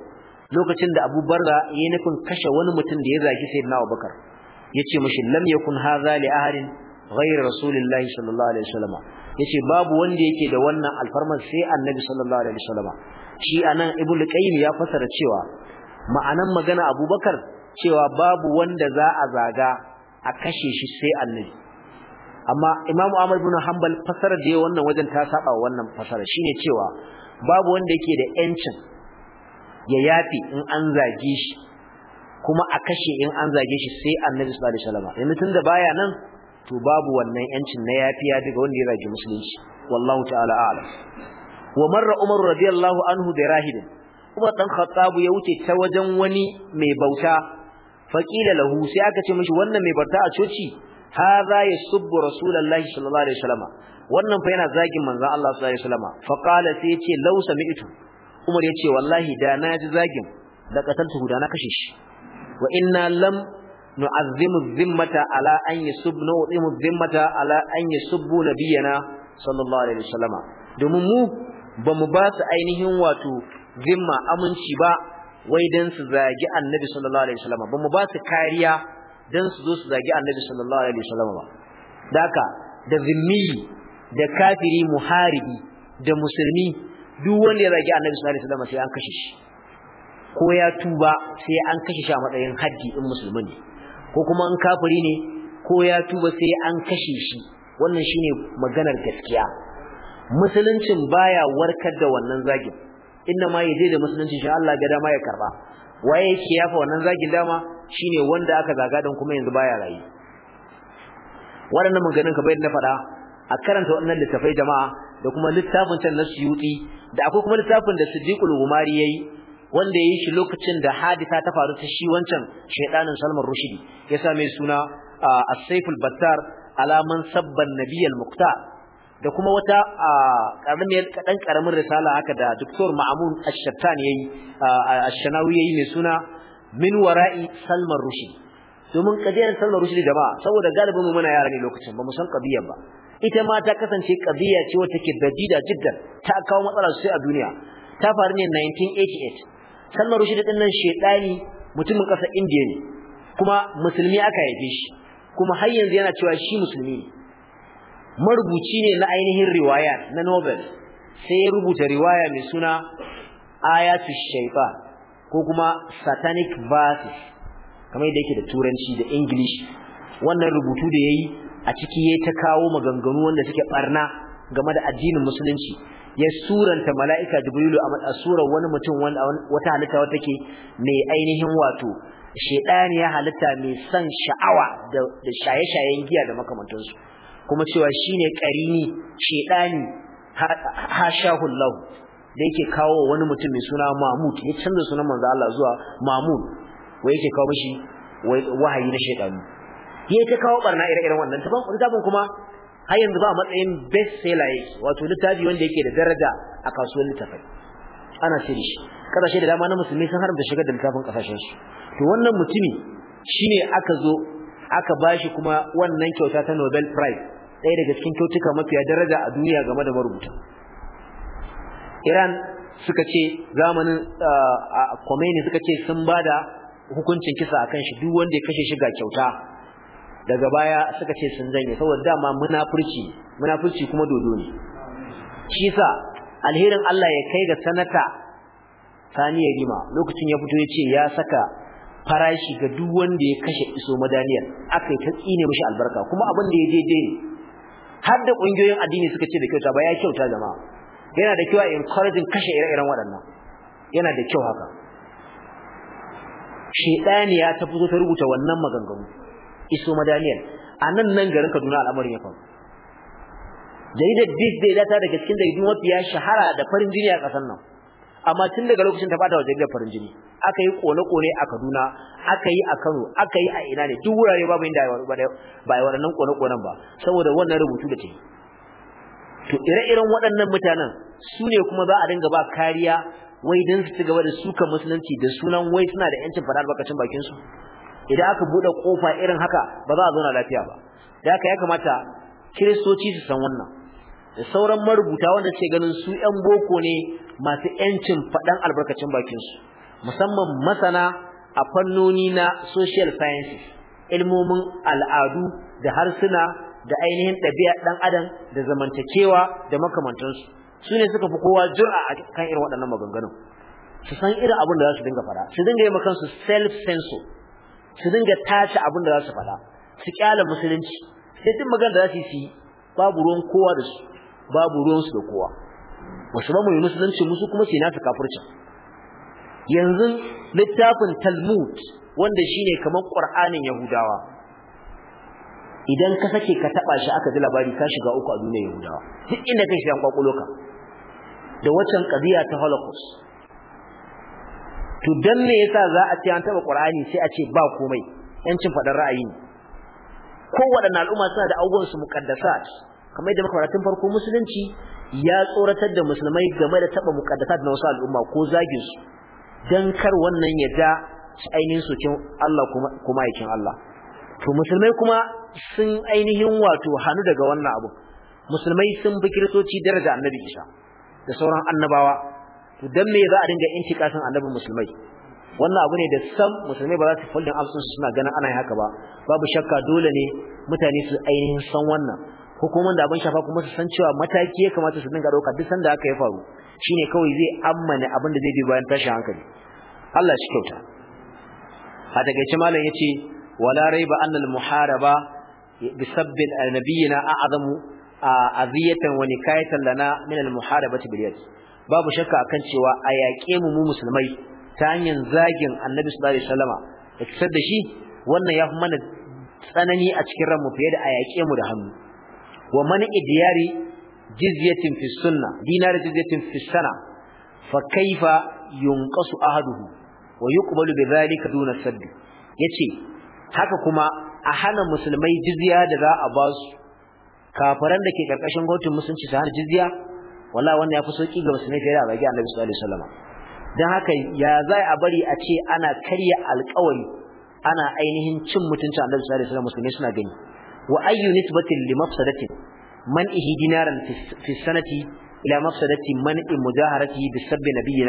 lokacin da Abubakar Barra ya nufin kashe wani mutum da ya zagi Sayyidina Abubakar yace mishi lam yakun hadha li ahadin ghayr rasulillahi sallallahu alaihi wasallam yace babu wanda yake da wannan alfarman sai Annabi sallallahu alaihi wasallam shi anan Ibn Qayyim ya fasara cewa ma'anan magana Abubakar cewa babu wanda za a zaga a kashe shi sai Annabi amma imamu ahmad bin hanbal fasarar da ya wannan wajen ta saba wannan fasarar shine cewa babu wanda yake da yancin ya yafi in an zage shi kuma a kashe in an zage shi sai annabi sallallahu alaihi wasallam yana tunda baya nan to babu wannan yancin na yafiya daga wanda ya zage musulunci wallahu ta'ala a'lam wa marra umar radiyallahu anhu da rahibin umar dan khattab ya wuce ta wajen wani mai bauta faqila lahu sai aka ce mishi wannan mai bauta a coci رسول الله صلى sallallahu alaihi وسلم wannan fa yana zagin manzon Allah sallallahu alaihi wasallam fa qala sai yace law sami'tu Umar yace wallahi da na ji zagin da qataltu da na kashe shi wa inna lam nu'azzimu dhimmata ala an yasubbu nu'azzimu dhimmata ala an yasubbu nabiyyana sallallahu alaihi wasallam domin mu mu ba su ainihin wato zimma aminci ba wai dan su zagi annabi sallallahu alaihi wasallam mu ba su kariya dan su zo su zagi annabi sallallahu alaihi wasallam ba daka da zimmi da kafiri muharibi da musulmi duk wanda ya zagi annabi sallallahu alaihi wasallam sai an kashe shi ko ya tuba sai an kashe shi a matsayin haddi in musulmi ne ko kuma in kafiri ne ko ya tuba sai an kashe shi wannan shine maganar gaskiya musuluncin baya warkar da wannan zagin inna ma yaje da musulunci shi Allah ga dama ya karba waye yake yafa wannan zagin dama shine wanda aka zaga don kuma yanzu baya rayi waɗannan maganin ka na faɗa a karanta wannan littafai jama'a da kuma littafin can na Suyuti da akwai kuma littafin da Siddiqul Umari yayi wanda yayi shi lokacin da hadisa ta faru ta shi wancan shedanin Salman Rushdi ya sa mai suna ah, As-Saiful Battar alaman sabban Nabiyal Muqtar da kuma wata karamin kadan karamin risala haka da Dr. Ma'mun Ash-Shattan yayi Ash-Shanawi yayi mai suna min wara'i Salman Rushdi domin kabiyar Salman Rushdi jama'a saboda galibin mu muna yara ne lokacin ba mu san kabiyar ba ita ma ta kasance kabiya ce wacce ke dadida jiddan ta kawo matsala sosai a duniya ta faru ne 1988 Salman Rushdi din nan shedani mutumin kasar Indiya ne kuma musulmi aka haife shi kuma har yanzu yana cewa shi musulmi ne marubuci ne na ainihin riwaya na novel sai ya rubuta riwaya mai suna ayatu shaifa ko kuma satanic verses kamar yadda yake da turanci da english wannan rubutu da ya yi a ciki ya ta kawo maganganu wanda suke ɓarna game da addinin musulunci ya suranta mala'ika jibrilu a surar wani mutum wata halitta wata take mai ainihin wato shedani ya halitta mai son sha'awa da shaye-shayen giya da makamantansu kuma cewa shine karini shedani ha shahullahu da yake kawo wani mutum mai suna Mahmud ya canza sunan manzo Allah zuwa Mahmud wai yake kawo mishi wahayi na shedani yake ta kawo barna ire-iren wannan taban littafin kuma har yanzu ba matsayin best seller yake wato littafi wanda yake da daraja a kasuwar littafai ana sirri shi kasashe da dama na musulmi sun haramta shigar da littafin kasashen su to wannan mutumi shine aka zo aka bashi kuma wannan kyauta ta Nobel Prize ɗaya daga cikin kyautuka mafiya daraja a duniya game da marubuta Iran suka ce zamanin ah, Khomeini suka ce sun bada hukuncin kisa akan shi duk wanda ya kashe shi ga kyauta daga baya suka ce sun zanye saboda dama munafurci munafurci kuma dodo ne shi yasa alherin Allah ya kai ga sanata Sani ya Yarima lokacin ya fito ya ce ya saka farashi ga duk wanda ya kashe iso madaniyar aka yi ta tsine mashi albarka kuma abin da ya daidai ne har da kungiyoyin addini suka ce da kyauta ba ya kyauta jama'a yana da kyau a encouraging kashe ire-iren waɗannan yana da kyau haka ya ta fito ta rubuta wannan maganganu iso madaniyan a nan nan garin Kaduna al'amarin ya faru jaridar this day data daga cikin jaridun mafiya shahara da farin jini a ƙasar nan amma tun daga lokacin ta bata wajen jaridar farin jini aka yi kone-kone a Kaduna aka yi a Kano aka yi a ina ne duk wurare babu inda ba yi waɗannan kone-konen ba saboda wannan rubutu da ta yi to ire-iren waɗannan mutanen su ne kuma za a dinga ba kariya wai don su gaba da suka musulunci da sunan wai suna da yancin faɗa albarkacin bakin su idan aka buɗe kofa irin haka ba za a zauna lafiya ba da haka ya kamata kiristoci su san wannan da sauran marubuta wanda suke ganin su yan boko ne masu yancin faɗan albarkacin bakinsu musamman masana a fannoni na social sciences ilmomin al'adu da harsuna da ainihin ɗabi'a ɗan adam da zamantakewa da makamantansu su ne suka fi kowa jura a kan irin waɗannan maganganun su san irin abin da za su dinga faɗa su dinga yi su self censor su dinga tace abin da za su faɗa su kyala musulunci sai duk magana da za su yi babu ruwan kowa da su babu ruwan su da kowa wasu ba mu yi musulunci musu kuma sai nasu kafircin yanzu littafin talmud wanda shine kamar qur'anin yahudawa idan ka sake ka taba shi aka ji labari ka shiga uku a duniyar yahudawa duk inda kai shi shiga kwakwalo ka da waccan qadiya ta holocaust to dan me yasa za a ce an taba qur'ani sai a ce ba komai yancin fadar ra'ayi ne ko waɗanda al'umma suna da abubuwan su muqaddasat kamar yadda muka fara tun farko musulunci ya tsoratar da musulmai game da taba muqaddasat na wasu al'umma ko zagin su dan kar wannan ya ga ainihin su Allah kuma kuma yakin Allah to musulmai kuma sun ainihin wato hannu daga wannan abu musulmai sun bi kiristoci daraja annabi Isa da sauran annabawa to dan me za a dinga intikasin annabin musulmai wannan abu ne da sam musulmai ba za su folding su suna ganin ana yi haka ba babu shakka dole ne mutane su ainihin san wannan hukumar da abin shafa kuma su san cewa mataki ya kamata su dinga dauka duk sanda aka yi faru shine kawai zai ammana abin da zai bi bayan tashin hankali Allah shi kyauta a takeice malam yace wala raiba anna al muharaba bisabbi al nabiyina a'zamu aziyatan wa nikayatan lana min al muharabati bil yad babu shakka akan cewa a yaƙe mu mu musulmai ta hanyar zagin annabi sallallahu alaihi wasallama da kisar shi wannan ya fi mana tsanani a cikin ranmu fiye da a mu da hannu wa man idiyari jizyatin fi sunna dinar jizyatin fi sana fa kaifa yunqasu ahaduhu wa yuqbalu bidhalika duna sadd yace haka kuma a hana musulmai jizya da za a ba su kafaran da ke karkashin gwamnatin musulunci su hana jizya wallahi wannan yafi sauki ga musulmai fiye da baki Annabi sallallahu alaihi wasallam dan haka ya zai a bari a ce ana karya alƙawari ana ainihin cin mutuncin Annabi sallallahu alaihi wasallam musulmai suna gani wa ayyu nisbatin li mafsadatin man ihi dinaran fi sanati ila mafsadati man mujaharati bi sabbi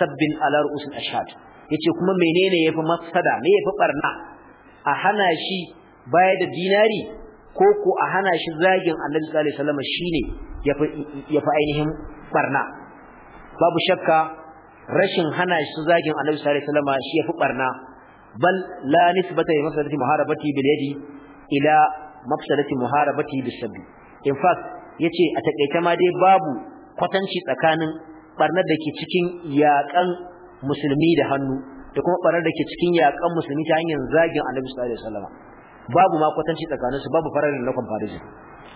sabbin ala ru'us al-ashhad yace kuma menene yafi mafsada me yafi barna a hana shi baya da dinari ko ko a hana shi zagin Annabi sallallahu alaihi wasallam shine yafi yafi ainihin barna babu shakka rashin hana shi zagin Annabi sallallahu alaihi wasallam shi yafi barna bal la nisbata li yadi ila mafsadati muharabati bisabbi in fact yace a takaita ma dai babu kwatanci tsakanin barnar da ke cikin yakan musulmi da hannu da kuma barnar da ke cikin yakan musulmi ta hanyar zagin annabi sallallahu alaihi wasallam babu ma kwatanci tsakanin su babu fararin na comparison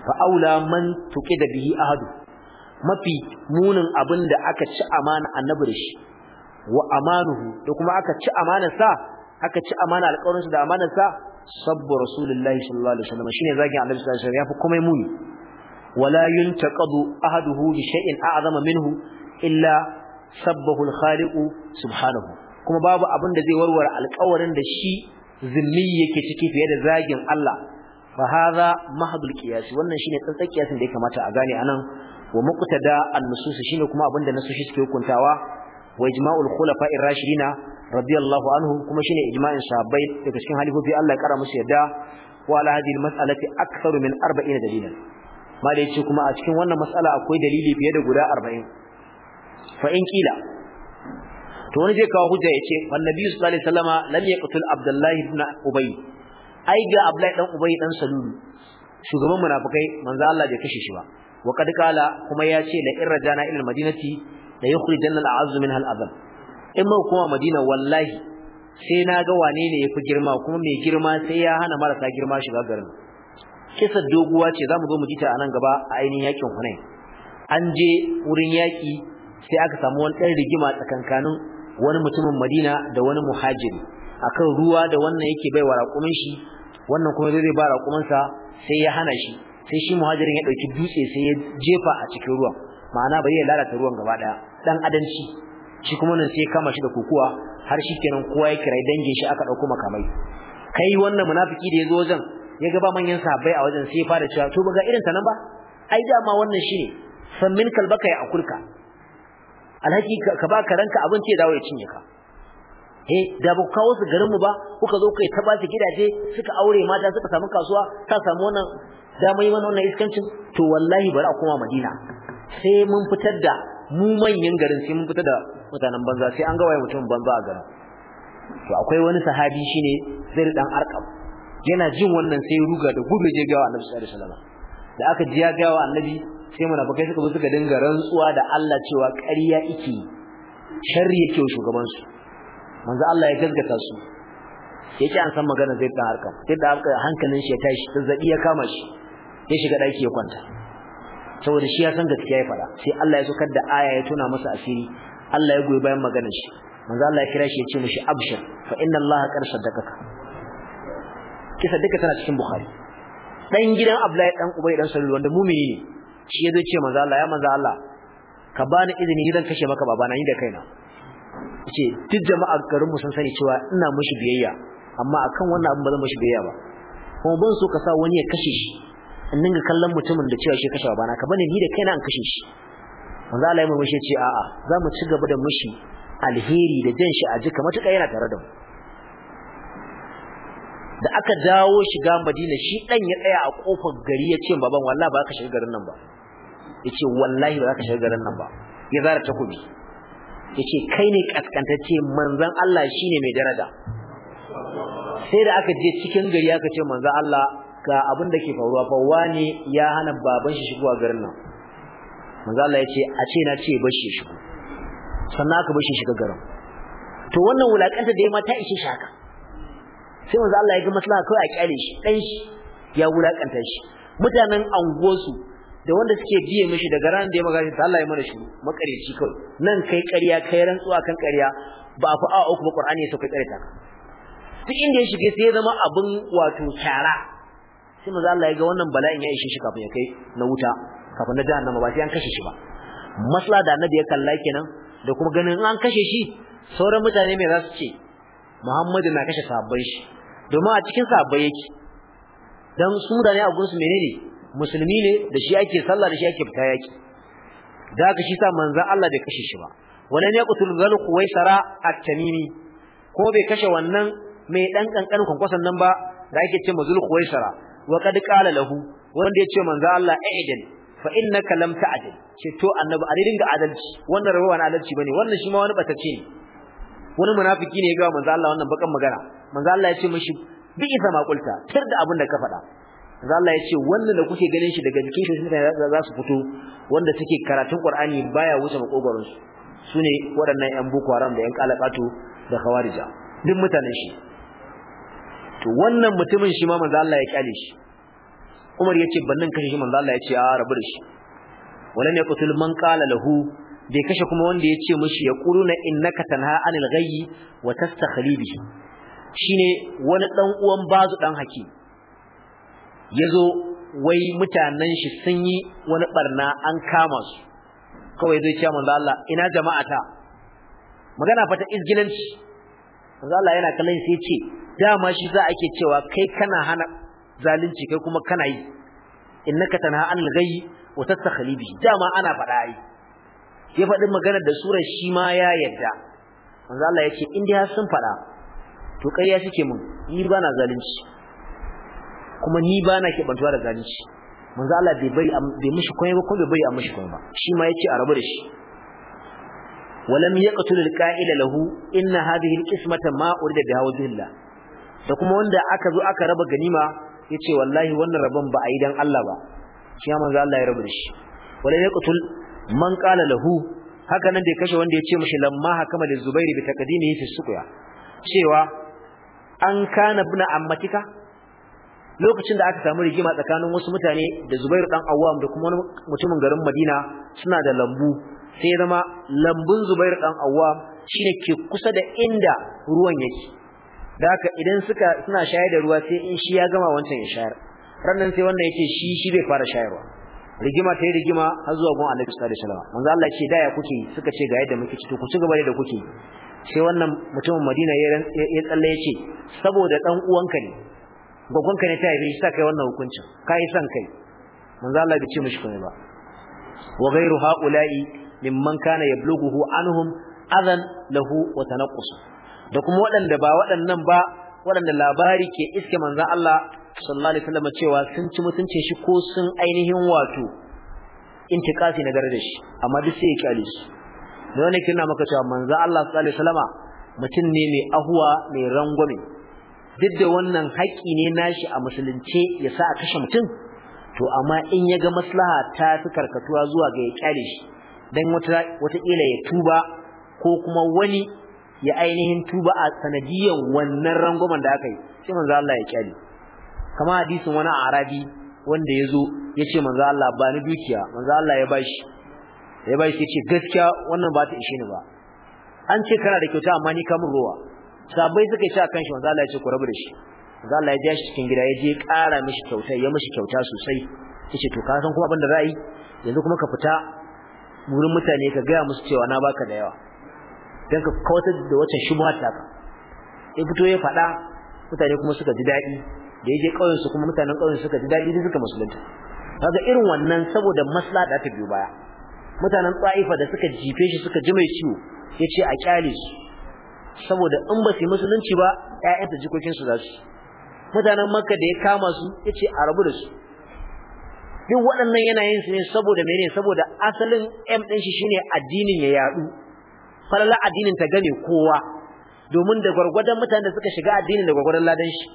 fa aula man tuqida bihi ahadu mafi munin abin da aka ci amana annabi da shi wa amanuhu da kuma aka ci amanar sa aka ci amana alƙawarin su da amanar sa sabbu rasulullahi sallallahu alaihi wasallam shine zagin annabi sallallahu alaihi wasallam yafi komai muni wala yuntaqadu ahaduhu bi shay'in a'zama minhu illa sabbahu al-khaliq subhanahu kuma babu abin da zai warware alƙawarin da shi zimmi yake ciki fiye da zagin Allah fa hadha mahdul qiyas wannan shine tsantsan qiyasin da ya kamata a gane anan wa muqtada al-nusus shine kuma abin da nasushi suke hukuntawa wa ijma'ul khulafa in rashidina radiyallahu anhu kuma shine ijma'in sahabbai daga cikin halifofi Allah ya kara musu yadda wa ala hadhihi almas'alati aktharu min 40 dalilan mala yace kuma a cikin wannan mas'ala akwai dalili fiye da guda 40 fa in kila to wani zai kawo hujja yace annabi sallallahu alaihi wasallama lam yaqtul abdullahi ibn ubay ai ga abdullahi dan ubay dan salulu shugaban munafikai manzo Allah bai kashe shi ba wa kad kala kuma yace la in rajana ila almadinati la yukhrijanna al'azzu minha al'azab in muka koma Madina wallahi sai na ga wane ne yafi girma kuma mai girma sai ya hana marasa girma shiga garin kisa doguwa ce zamu zo mu ji ta anan gaba a ainihin yakin Hunain an je wurin yaki sai aka samu wani ɗan rigima tsakankanin wani mutumin Madina da wani muhajiri akan ruwa da wannan yake baiwa raƙumin shi wannan kuma zai ba sa sai ya hana shi sai shi muhajirin ya ɗauki dutse sai ya jefa a cikin ruwan ma'ana bai ya lalata ruwan gaba daya dan adanci shi kuma nan sai kama shi da kukuwa? har shi kenan kowa ya kira dangin shi aka dauko makamai kai wannan munafiki da yazo wajen ya ga ba manyan sahabbai a wajen sai ya fara cewa to baga irin ta nan ba ai da ma wannan shine san min kalbaka ya akurka alhaki ka ba ka ranka abinci ya dawo ya cinye ka eh da ba kawo su garin mu ba kuka zo kai ta ba su gidaje suka aure mata suka samu kasuwa ta samu wannan da mai mana wannan iskancin to wallahi bari a kuma Madina sai mun fitar da mu manyan garin sai mun fita da mutanen banza sai an ga waye mutum banza a garin to akwai wani sahabi shine zai dan Arqam yana jin wannan sai ruga da gube je gawa Annabi sallallahu alaihi wasallam da aka ji ya gawa Annabi sai munafikai suka bi suka dinga rantsuwa da Allah cewa ƙarya yake sharri yake wa shugaban su manzo Allah ya gaskata su yake an san magana zai dan Arqam sai da hankalin shi ya tashi zazzabi ya kama shi ya shiga daki ya kwanta saboda shi ya san gaskiya ya fada sai Allah ya kar da aya ya tuna masa asiri Allah ya goyi bayan maganar shi manzo Allah ya kira shi ya ce mishi abshir fa inna Allah qad saddaqaka kisa duka tana cikin bukhari dan gidan Abdullahi dan Ubay dan Salul wanda mumini ne shi ya zo ce manzo Allah ya manzo Allah ka bani izini idan kashe maka babana ni da kaina ce duk jama'ar garin sun sani cewa ina mushi biyayya amma akan wannan abin ba zan mushi biyayya ba kuma ban so ka sa wani ya kashe shi in dinga kallon mutumin da cewa shi kashe babana ka bane ni da kaina an kashe shi manzo Allah ya murmushi ce a'a za mu ci gaba da mushi alheri da jan shi a jika matuƙa yana tare da mu da aka dawo shiga Madina shi dan ya tsaya a kofar gari ya ce baban wallahi ba ka shiga garin nan ba yace wallahi ba za ka shiga garin nan ba ya zara takobi yace kai ne kaskantacce manzon Allah shine mai daraja sai da aka je cikin gari aka ce manzon Allah ga abin da ke faruwa fa wani ya hana baban shi shigowa garin nan manzo Allah yace a ce na ce bashi shi shigo sannan aka bashi shiga garin to wannan wulakanta da ya ta ishe shaka sai manzo Allah ya ga maslaha kawai a kyale shi dan shi ya wulakanta shi mutanen angosu da wanda suke biye mishi daga ran da ya magana ta Allah ya mana shi makareci kai nan kai ƙarya kai rantsuwa kan ƙarya ba fa a uku ba Qur'ani ya sauka ƙarya ta duk inda ya shige sai ya zama abin wato tara sai manzo Allah ya ga wannan bala'in ya ishe shi kafin ya kai na wuta kafin na jahannama ba sai an kashe shi ba masala da annabi ya kalla kenan da kuma ganin an kashe shi sauran mutane me za su ce Muhammadu na kashe sahabbai shi domin a cikin sahabbai yake dan su da ne a su menene musulmi ne da shi ake sallah da shi ake fita yaki da haka shi sa manzo Allah bai kashe shi ba wala ne qutul zal quwaisara at-tamimi ko bai kashe wannan mai dan kankan kwankwasan nan ba da ake ce mazul quwaisara wa qad qala lahu wanda yace manzo Allah aidin fa innaka lam ta'dil ce to annabi a ridinga adalci wannan rawa na adalci bane wannan shi ma wani batacce ne wani munafiki ne ya ga manzo Allah wannan bakan magana manzo Allah yace mishi bi isa ma kulta tar da abin da ka faɗa manzo Allah yace wannan da kuke ganin shi daga jikin shi za su fito wanda suke karatun Qur'ani baya wuce makogoron su sune waɗannan ƴan boko haram da ƴan kalakatu da khawarija duk mutanen shi to wannan mutumin shi ma manzo Allah ya kyale shi Umar yace bannin kashe shi manzo Allah yace a rabu da shi ne yaqtul man qala lahu bai kashe kuma wanda yace mishi ya quluna innaka tanha anil ghayyi wa tastakhli bihi shine wani dan uwan bazu dan haki yazo wai mutanen shi sun yi wani barna an kama su kawai zai ce manzo Allah ina jama'ata magana fata izgilanci manzo Allah yana kallon sai ce dama shi za ake cewa kai kana hana zalunci kai kuma kana yi innaka tanha an ghayyi wa tastakhli bi dama ana fada yi ya faɗi maganar da surar shi ma ya yadda manzo Allah ya ce in dai sun faɗa to kai ya suke mun ni ba na zalunci kuma ni ba na bantuwa da zalunci manzo Allah bai bari bai mishi ba ko bai bari a mishi komai ba shi ma yace a rabu da shi ولم يقتل القائل له إن هذه القسمة ما أريد بها وجه الله da kuma wanda aka zo aka raba ganima yace wallahi wannan rabon ba a yi dan Allah ba shi manzo Allah ya rabu da shi wala yaqtul man qala lahu haka nan da ya kashe wanda ya ce mishi lamma hakama li zubairi bi taqdimihi fi suqya cewa an kana ibn ammatika lokacin da aka samu rigima tsakanin wasu mutane da Zubair dan Awwam da kuma mutumin garin Madina suna da lambu sai zama lambun Zubair dan Awwam shine ke kusa da inda ruwan yake da haka idan suka suna shayar da ruwa sai in shi ya gama wancan ya shayar rannan sai wannan yake shi shi bai fara shayarwa rigima ta yi rigima har zuwa gun Annabi sallallahu alaihi wasallam manzo Allah ce da ya kuke suka ce ga yadda muke ci to ku ci gaba da kuke sai wannan mutumin Madina ya tsalle ya ce, saboda dan uwanka ne gwagwanka ne ta yi shi sa kai wannan hukuncin kai san kai manzo Allah ya ce mishi kuma ba wa ghayru haula'i mimman kana yablughuhu anhum adan lahu wa tanaqqus da kuma waɗanda ba waɗannan ba waɗanda labari ke iske manzan Allah sallallahu alaihi wasallam cewa sun ci mutuncin shi ko sun ainihin wato intikasi na gare da shi amma duk sai ya kyale shi da wani kina maka cewa manzan Allah sallallahu alaihi wasallam mutum ne mai ahuwa mai rangwame duk da wannan haƙi ne nashi a musulunce ya sa a kashe mutum to amma in ya ga maslaha ta fi karkatuwa zuwa ga ya kyale shi dan wata wata ya tuba ko kuma wani ya ainihin tuba a sanadiyar wannan rangwamen da aka yi sai manzo Allah ya kyale kama hadisin wani arabi wanda ya zo ya ce manzo Allah ba ni dukiya manzo Allah ya bashi ya bashi ya ce gaskiya wannan ba ta ishe ni ba an ce kana da kyauta amma ni mun ruwa sabai suka yi sha kan shi manzo Allah ya ce ku rabu da shi manzo Allah ya ja shi cikin gida ya je ƙara mishi kyauta ya mishi kyauta sosai yace to ka san kuma abin da za yi yanzu kuma ka fita wurin mutane ka gaya musu cewa na baka da yawa dan ka kawatar da wacce shubha ta ka ya fito ya faɗa mutane kuma suka ji daɗi da yaje ƙauyen su kuma mutanen ƙauyen suka ji daɗi da suka musulunta kaga irin wannan saboda maslaha da ta biyo baya mutanen tsaifa da suka jife shi suka ji mai ciwo yace a kyale su saboda in ba su musulunci ba ƴaƴanta jikokin su za su mutanen Makka da ya kama su yace a rabu da su duk waɗannan yana yin su ne saboda menene saboda asalin M ɗin shi shine addinin ya yadu falala addinin ta gane kowa domin da gurgurdan mutanen da suka shiga addinin da gurgurdan ladan shi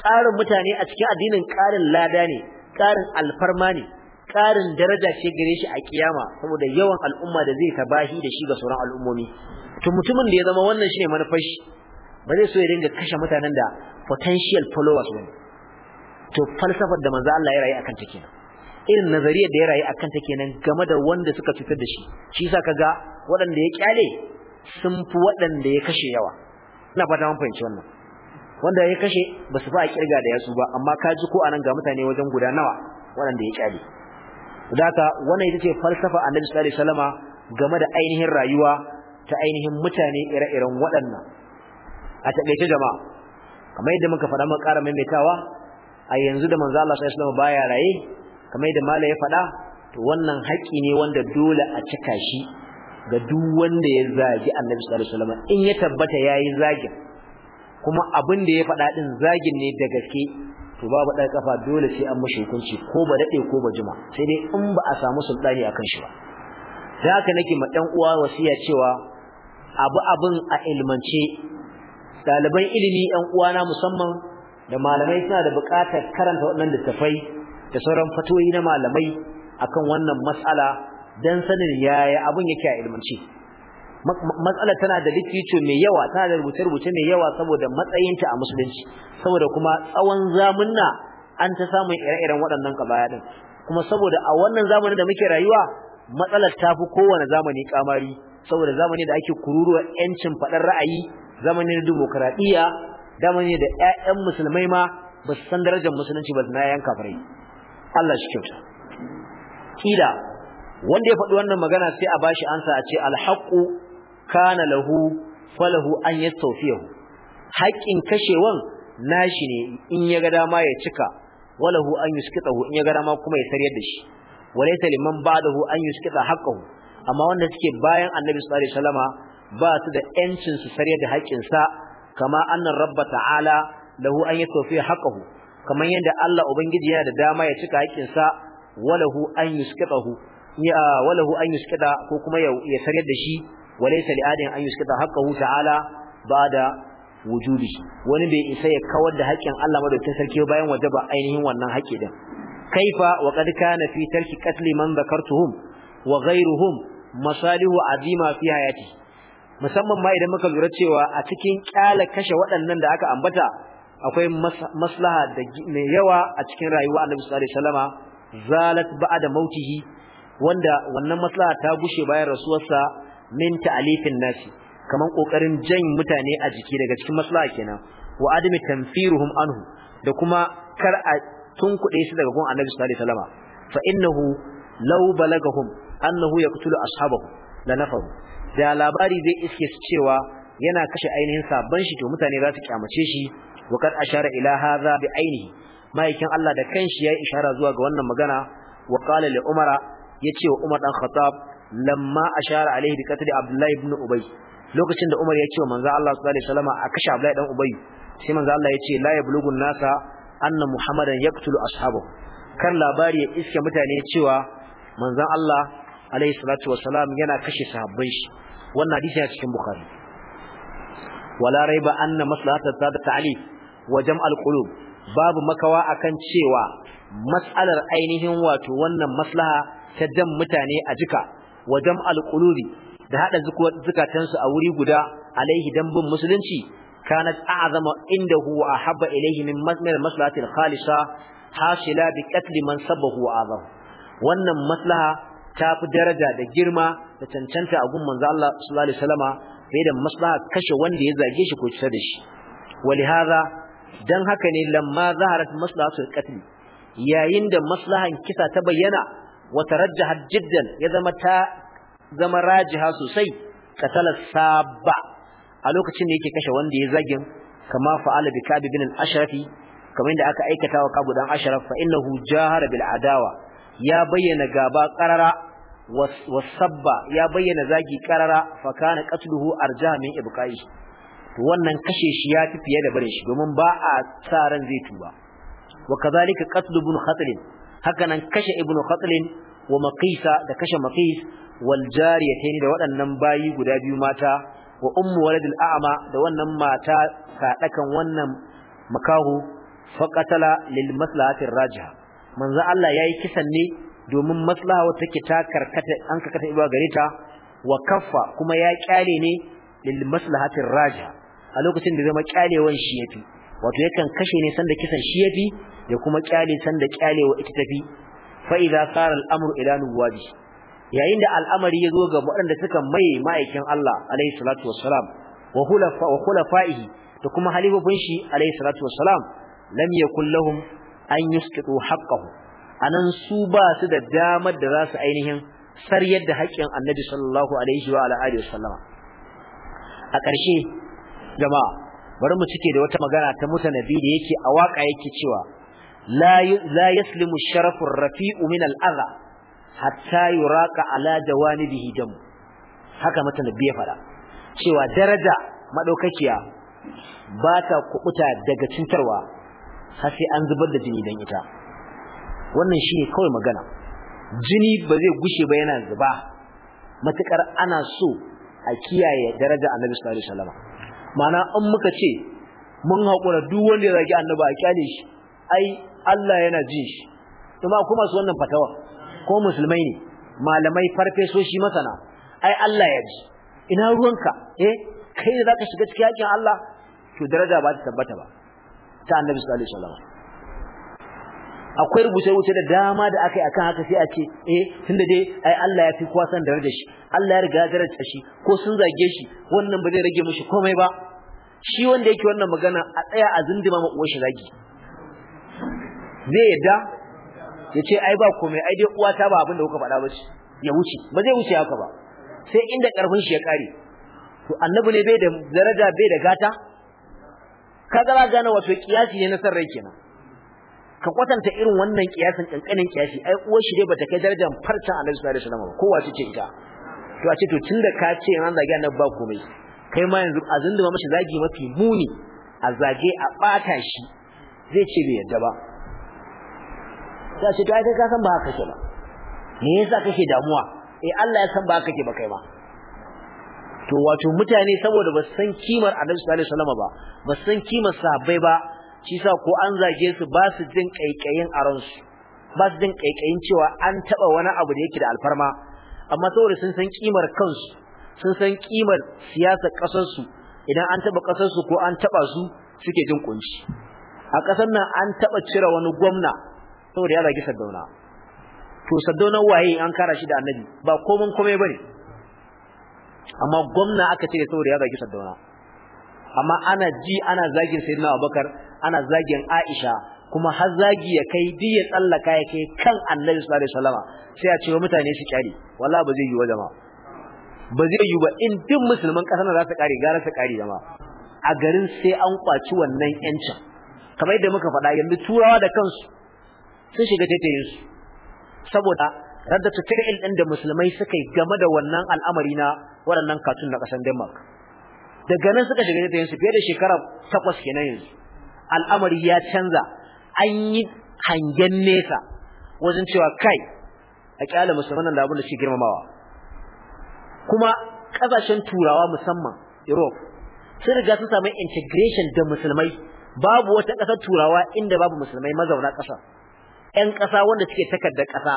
ƙarin mutane a cikin addinin ƙarin lada ne ƙarin alfarma ne ƙarin daraja ce gare shi a kiyama saboda yawan al'umma da zai tabahi da shi ga sauran al'ummomi to mutumin da ya zama wannan shine manufar shi ba zai so ya dinga kashe mutanen da potential followers ba, to falsafar da manzo Allah ya rayu akan ta kenan irin nazariyar da ya rayu akan ta kenan game da wanda suka cutar da shi shi yasa kaga waɗanda ya kyale sun fi waɗanda ya kashe yawa ina fata mun fahimci wannan wanda ya kashe ba su fa kirga da yasu ba amma ka ji ko anan ga mutane wajen guda nawa waɗanda ya kyale haka wannan ita ce falsafa annabi sallallahu alaihi wasallama game da ainihin rayuwa ta ainihin mutane ire-iren waɗannan a taƙaice jama'a kamar yadda muka faɗa muka ƙara maimaitawa a yanzu da manzo Allah sallallahu alaihi wasallam baya raye kamar da Malam ya faɗa to wannan haƙƙi ne wanda dole a cika shi ga duk wanda ya zagi annabi sallallahu alaihi wasallam in ya tabbata yayi zagin kuma abin da ya faɗa din zagin ne da gaske to babu ɗan kafa dole sai an mashi hukunci ko ba daɗe ko ba jima sai dai in ba a samu sultani akan shi ba da haka nake ma ɗan uwa wasiya cewa abu abin a ilmance ɗaliban ilimi ɗan uwana musamman da malamai suna da buƙatar karanta waɗannan littattafai da sauran fatoyi na malamai akan wannan matsala dan sanin yaya abun yake a ilmance matsala tana da likito mai yawa tana da rubuce-rubuce mai yawa saboda matsayinta a musulunci saboda kuma tsawon zamunna an ta samun ire-iren waɗannan kabaya din kuma saboda a wannan zamanin da muke rayuwa matsalar ta fi kowane zamani kamari saboda zamani da ake kururuwa yancin faɗar ra'ayi zamani da dimokuraɗiyya zamani da 'ya'yan musulmai ma ba su san darajar musulunci ba na yanka kafirai Allah shi kyauta kila wanda ya faɗi wannan magana sai a bashi ansa a ce alhaqu kana lahu falahu an yastawfiyahu haƙin kashewan nashi ne in ya ga dama ya cika walahu an yuskitahu in ya ga dama kuma ya sariyar da shi walaysa liman ba'dahu an yuskita haqqahu amma wanda suke bayan annabi sallallahu alaihi wasallama ba su da yancin su sariyar da haƙin sa kama annar rabba ta'ala lahu an yastawfi haqqahu kamar yadda Allah ubangiji yana da dama ya cika hakinsa, sa walahu an yusqitahu ya walahu an yusqita ko kuma ya sayar da shi walaysa li adin an yusqita haqqahu ta'ala ba'da wujubi wani bai isa ya kawar da haƙin Allah madaukakin sarki bayan wajaba ainihin wannan haƙi din kaifa wa qad kana fi tarki qatli man dhakartuhum wa ghayruhum masalihu azima fi hayati musamman ma idan muka lura cewa a cikin kyala kashe waɗannan da aka ambata akwai maslaha da mai yawa a cikin rayuwa Annabi sallallahu alaihi wasallama zalat ba'da mautihi wanda wannan maslaha ta gushe bayan rasuwarsa min ta'alifin nasi kaman kokarin jan mutane a jiki daga cikin maslaha kenan wa adami tanfiruhum anhu da kuma kar a tunkuɗe su daga gun Annabi sallallahu alaihi wasallama fa innahu law balagahum annahu yaqtulu ashabahu la nafahu da labari zai iske su cewa yana kashe ainihin sabban shi to mutane za su kyamace shi wa kad ashara ila hadha bi ainihi ma'aikin Allah da kanshi yayi ishara zuwa ga wannan magana wa qala li umara yace wa umar dan khattab lamma ashara alaihi bi qatl abdullah ibn ubay lokacin da umar yace wa manzo Allah sallallahu alaihi wasallam a kashe abdullah dan ubay sai manzo Allah ya ce la yablugun nasa anna muhammadan yaqtulu ashabahu kar labari ya iske mutane cewa manzon Allah alaihi salatu wassalam yana kashe sahabban shi wannan hadisi a cikin bukhari wala raiba anna maslahatat sadat ali Wajen jam'al babu makawa akan cewa matsalar ainihin wato wannan maslaha ta jan mutane a jika Wajen jam'al da hada zukatansu a wuri guda alaihi dambun musulunci kanat a'zama indahu wa ahabba ilayhi min maslahatil khalisa hasila bi qatl man sabbahu wa wannan maslaha ta fi daraja da girma da cancanta a gun manzo Allah sallallahu alaihi wasallama da maslaha kashe wanda ya zage shi ko cutar da shi walihaza dan haka ne lamma zaharat maslahatu qatl yayin da maslahan kisa ta bayyana wata tarajjaha jiddan ya zama ta zama rajiha sosai qatala sabba a lokacin da yake kashe wanda ya zagin kama fa'ala bi kabi bin al-ashrafi kamar da aka aikata wa kabu dan ashraf fa innahu jahara bil adawa ya bayyana gaba qarara wasabba ya bayyana zagi qarara fa kana qatluhu arjaha min ibqai to wannan kashe shi ya fi fiye da barin shi domin ba a sa ran zai tuba wa kazalika qatl ibn khatl haka nan kashe ibn khatl wa maqisa da kashe maqis wal jariyatayn da waɗannan bayi guda biyu mata wa ummu waladil a'ma da wannan mata sadakan wannan makahu faqatala lil maslahati rajiha manzo Allah yayi kisan ne domin maslaha wata take ta karkata an karkata iba gare ta wa kaffa kuma ya kyale ne lil maslahatin raja a lokacin da zama kyalewan shi yafi wato yakan kashe ne sanda kisan shi yafi ya kuma kyale sanda kyalewa ita tafi fa idza sara al-amru ila nuwadi yayin da al'amari ya zo ga waɗanda suka mai ma'aikin Allah alaihi salatu wassalam wa hulafa wa khulafa'ihi da kuma halifafin shi alaihi salatu wassalam lam yakul lahum an yusqitu haqqahu anan su ba su da damar da za su ainihin sar yadda haƙƙin Annabi sallallahu alaihi wa alihi wasallama a ƙarshe jama'a bari mu cike da wata magana ta mutanabi da yake a waka yake cewa la yaslimu sharafu rafi'u min al-adha hatta yuraqa ala jawanibihi jam haka mutanabi ya fara cewa daraja madaukakiya ba ta kubuta daga cintarwa, har sai an zubar da jini dan ita wannan shine kawai magana jini ba zai gushe ba yana zuba matukar ana so a kiyaye daraja annabi sallallahu alaihi wasallam mana an muka ce mun haƙura duk wanda ya zagi annaba a kyale shi ai Allah yana jin shi kuma kuma su wannan fatawa ko musulmai ne malamai farfesoshi masana ai Allah ya ji ina ruwanka eh kai da zaka shiga cikin yakin Allah to daraja ba ta tabbata ba ta annabi sallallahu alaihi wasallam akwai rubuce-rubuce da dama da aka akan haka sai a ce eh tunda dai ai Allah ya fi kowa san da shi Allah ya riga daraja shi ko sun zage shi wannan ba zai rage mishi komai ba shi wanda yake wannan magana a tsaya a zindima ma uwar shi zagi zai yadda ya ce ai ba komai ai dai uwa ta ba abin da kuka faɗa ba shi ya wuce ba zai wuce haka ba sai inda karfin shi ya kare to annabi ne bai da daraja bai da gata kaga ba gane wato kiyasi ne na san rai kenan ka kwatanta irin wannan kiyasin kankanin kiyashi ai uwar shi dai bata kai darajar farcen Annabi sallallahu alaihi wasallam kowa ce ita to a ce to tunda ka ce ran zage Annabi ba komai kai ma yanzu a zinduma mashi zagi mafi muni a zage a bata shi zai ce bai yadda ba sai ce to ai kai ka san ba haka ke ba me yasa kake damuwa eh Allah ya san ba haka ke ba kai ma to wato mutane saboda ba san kimar Annabi sallallahu alaihi wasallam ba ba san kimar sahabbai ba shi sa ko an zage su ba su jin kaikayin ransu ba su jin kaikayin cewa an taba wani abu da yake da alfarma amma saboda sun san kimar kansu sun san kimar siyasar kasar su idan an taba kasar su ko an taba su suke jin kunci a kasar nan an taba cire wani gwamna saboda ya zagi Saddauna to Saddauna waye an kara shi da Annabi ba komai komai bane amma gwamna aka cire saboda ya zagi Saddauna amma ana ji ana zagin Sayyidina Abubakar ana zagin Aisha kuma har zagi ya kai duk ya tsallaka ya kai kan Annabi sallallahu alaihi wasallam sai a ce mutane su kare wallahi ba zai yi wa jama'a ba zai yi ba in duk musulman kasar nan za su kare gara su kare jama'a a garin sai an kwaci wannan yancin kamar yadda muka faɗa yanzu turawa da kansu sun shiga tattayin su saboda raddatu fi'il din da musulmai suka yi game da wannan al'amari na waɗannan katun na ƙasar Denmark daga nan suka shiga tattayin su fiye da shekara takwas kenan yanzu al'amari ya canza an yi hangen nesa wajen cewa kai a kyala musulman da abin da shi girmamawa kuma kasashen turawa musamman Europe sun riga sun samu integration da musulmai babu wata ƙasar turawa inda babu musulmai mazauna ƙasa Yan ƙasa wanda suke takarda ƙasa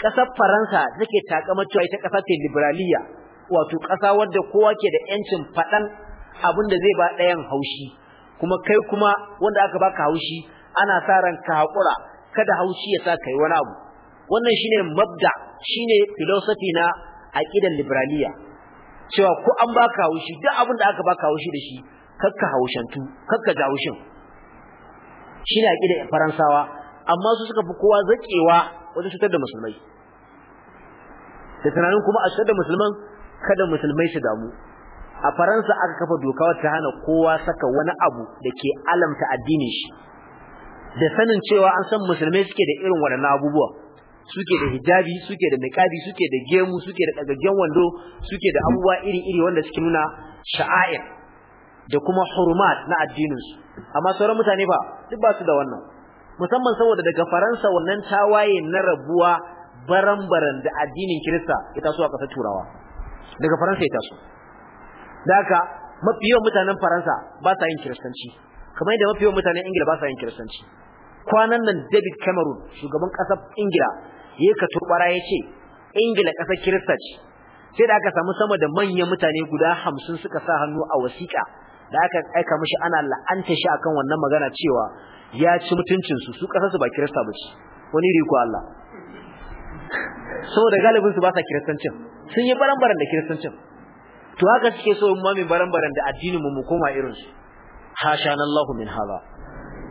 ƙasar Faransa take takamar cewa ita ƙasa ce liberaliya wato ƙasa wadda kowa ke da 'yancin faɗan abinda zai ba ɗayan haushi kuma kai kuma wanda aka baka haushi ana sa ran ka hakura kada haushi ya sa kai wani abu wannan shine mabda shine philosophy na aqidar liberaliya cewa ko an baka haushi duk abin da aka baka haushi da shi kakka haushantu kakka ga haushin shine aqidar faransawa amma su suka fi kowa zakewa wajen cutar da musulmai da tunanin kuma a cutar da musulman kada musulmai su damu a faransa aka kafa doka wacce hana kowa saka wani abu da ke alamta addinin shi da sanin cewa an san musulmai suke da irin waɗannan abubuwa suke da hijabi suke da niqabi suke da gemu suke da dagaggen wando suke da abubuwa iri-iri wanda suke nuna sha'air da kuma hurumat na addinin su amma sauran mutane fa duk ba su da wannan musamman saboda daga Faransa wannan tawaye na rabuwa barambaran da addinin Kirista ya taso a ƙasar Turawa daga Faransa ya taso da haka mafi yawan mutanen faransa ba sa yin kiristanci kamar yadda mafi yawan mutanen ingila ba sa yin kiristanci kwanan nan david cameron shugaban kasar ingila ya yi katobara ya ce ingila kasar kirista ce sai da aka samu sama da manyan mutane guda hamsin suka sa hannu a wasiƙa da aka aika mishi ana la'anta shi akan wannan magana cewa ya ci mutuncinsu su ƙasarsu ba kirista ba ce wani riko Allah saboda galibinsu ba sa kiristancin sun yi baran-baran da kiristancin to haka suke so mu mai baran-baran da addinin mu mu koma irin su hashanallahu min hala.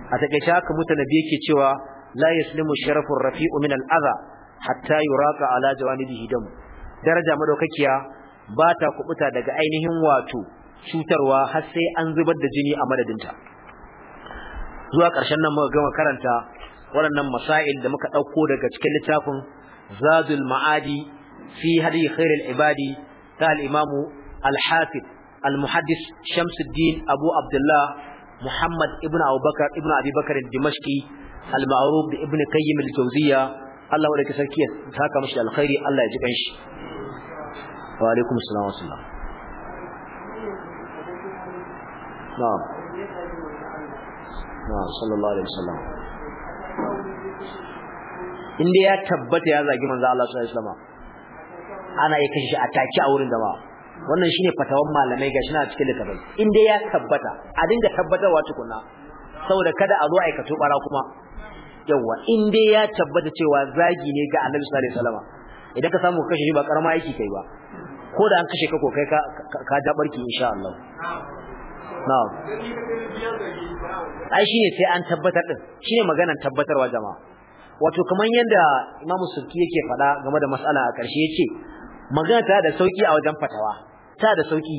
a takeice haka mutanabi yake cewa la yaslimu sharafur rafi'u min al-adha hatta yuraka ala jawanibihi dam daraja madaukakiya ba ta kubuta daga ainihin wato cutarwa har sai an zubar da jini a madadinta zuwa ƙarshen nan muka gama karanta waɗannan masail da muka ɗauko daga cikin littafin zadul ma'adi fi hadi khairil ibadi ta al-imamu al-hafiz al-muhaddis shamsuddin abu abdullah muhammad ibnu abubakar ibnu abubakar dimashqi al-ma'ruf bi ibnu qayyim al-jawziya Allah wa dake sarki ya alkhairi Allah ya ji wa alaikum assalam wa sallam inda ya tabbata ya zagi manza Allah ana iya kashe shi a take a wurin jama'a wannan shine fatawan malamai gashi na cikin littafin in dai ya tabbata a dinga tabbatarwa tukuna saboda kada a zo aikatu bara kuma yawa in dai ya tabbata cewa zagi ne ga Annabi sallallahu alaihi wasallam idan ka samu kashe shi ba karama aiki kai ba ko da an kashe ka ko kai ka ka jabarki insha Allah na'am ai shine sai an tabbatar din shine maganar tabbatarwa jama'a wato kaman yanda Imam Sufi yake faɗa game da mas'ala a ƙarshe yace magana ta da sauki a wajen fatawa ta da sauki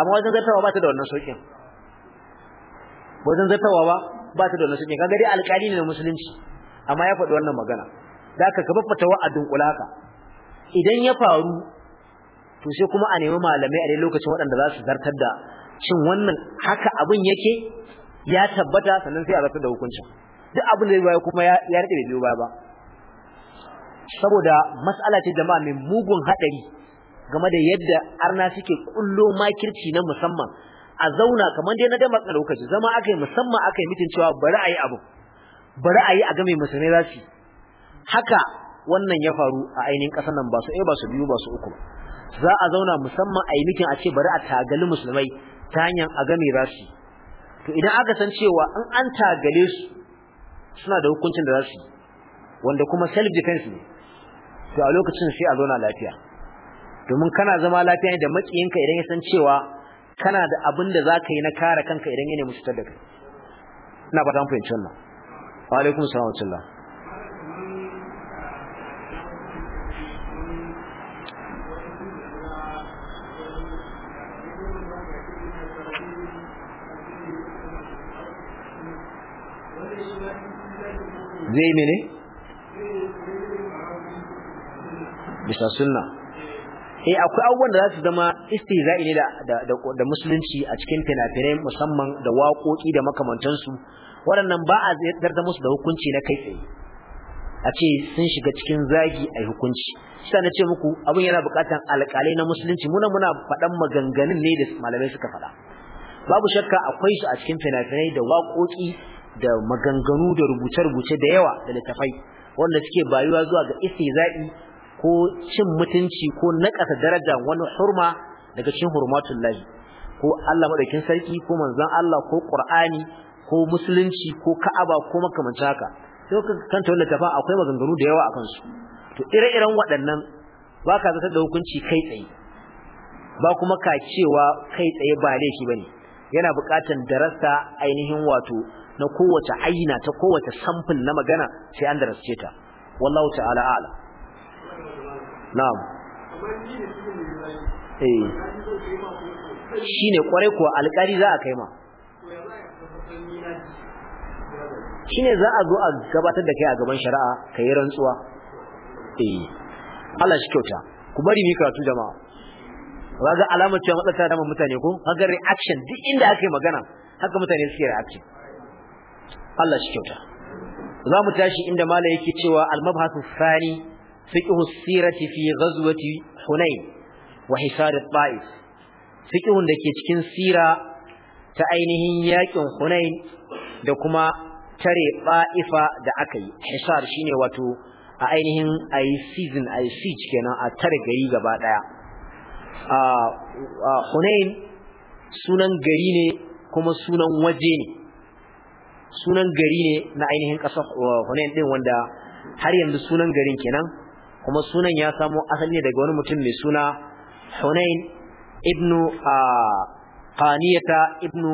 amma wajen zartawa ba ta da wannan saukin wajen zartawa ba ba ta da wannan saukin kaga dai alƙali ne na musulunci amma ya faɗi wannan magana da ka gaba fata wa dunkula ka idan ya faru to sai kuma a nemi malamai a dai lokacin waɗanda za su zartar da shin wannan haka abin yake ya tabbata sannan sai a zartar da hukuncin duk abin da ya kuma ya rike da biyo baya ba saboda mas'ala ce jama'a mai mugun haɗari. game da yadda arna suke kullo makirci na musamman a zauna kamar dai na da matsala lokaci zama yi musamman yi mitin cewa bari ayi abu bari ayi a game musulmai za haka wannan ya faru a ainihin kasar nan ba su ɗaya ba su biyu ba su uku za a zauna musamman ayi mitin a ce bari a tagali musulmai ta hanyar a game za to idan aka san cewa in an tagale su suna da hukuncin da za su yi wanda kuma self defense ne to a lokacin sai a zauna lafiya domin kana zama lafiya da makiyinka idan ya san cewa kana da abin da za ka yi na kare kanka idan ya mutu da kai ina ba ta fahimci wannan wa alaikum salam wa zai mene bisa sunna eh akwai abubuwan da za su zama istiza'i ne da da musulunci a cikin fina-finai musamman da waƙoƙi da makamantansu waɗannan ba a zartar da musu da hukunci na kai tsaye a ce sun shiga cikin zagi a hukunci shi na ce muku abin yana buƙatar alƙalai na musulunci muna muna faɗan maganganun ne da malamai suka faɗa babu shakka akwai su a cikin fina-finai da waƙoƙi da maganganu da rubuce-rubuce da yawa da littafai wanda suke bayuwa zuwa ga istihza'i ko cin mutunci ko nakasa daraja wani hurma daga cikin hurmatul lahi ko Allah madaukin sarki ko manzon Allah ko Qur'ani ko musulunci ko Ka'aba ko makamancin haka sai ka kanta wannan tafa akwai maganganu da yawa akan su to ire-iren waɗannan ba ka zata da hukunci kai tsaye ba kuma ka cewa kai tsaye ba laifi bane yana buƙatar darasa ainihin wato na kowace aina ta kowace sample na magana sai an darasce ta wallahu ta'ala a'lam na'am eh shine kwarai kuwa alƙari za a kai ma shine za a zo a gabatar da kai a gaban shari'a kai rantsuwa eh Allah shi kyauta ku bari mu karatu jama'a kaga alamar cewa matsala da mutane ko kaga reaction duk inda aka yi magana haka mutane suke reaction Allah shi kyauta za mu tashi inda mala yake cewa al-mabhasu thani fiqhu sirati fi ghazwati hunain wa hisar al-ta'if fiqhun cikin sira ta ainihin yakin hunain da kuma tare ba'ifa da aka yi hisar shine wato a ainihin ayi season ayi siege kenan a tare gari gaba daya a hunain sunan gari ne kuma sunan waje ne sunan gari ne na ainihin ƙasar uh, Hunain din wanda har yanzu sunan garin kenan kuma sunan ya samo asali daga wani mutum mai suna Hunain ibn Qaniyata ibn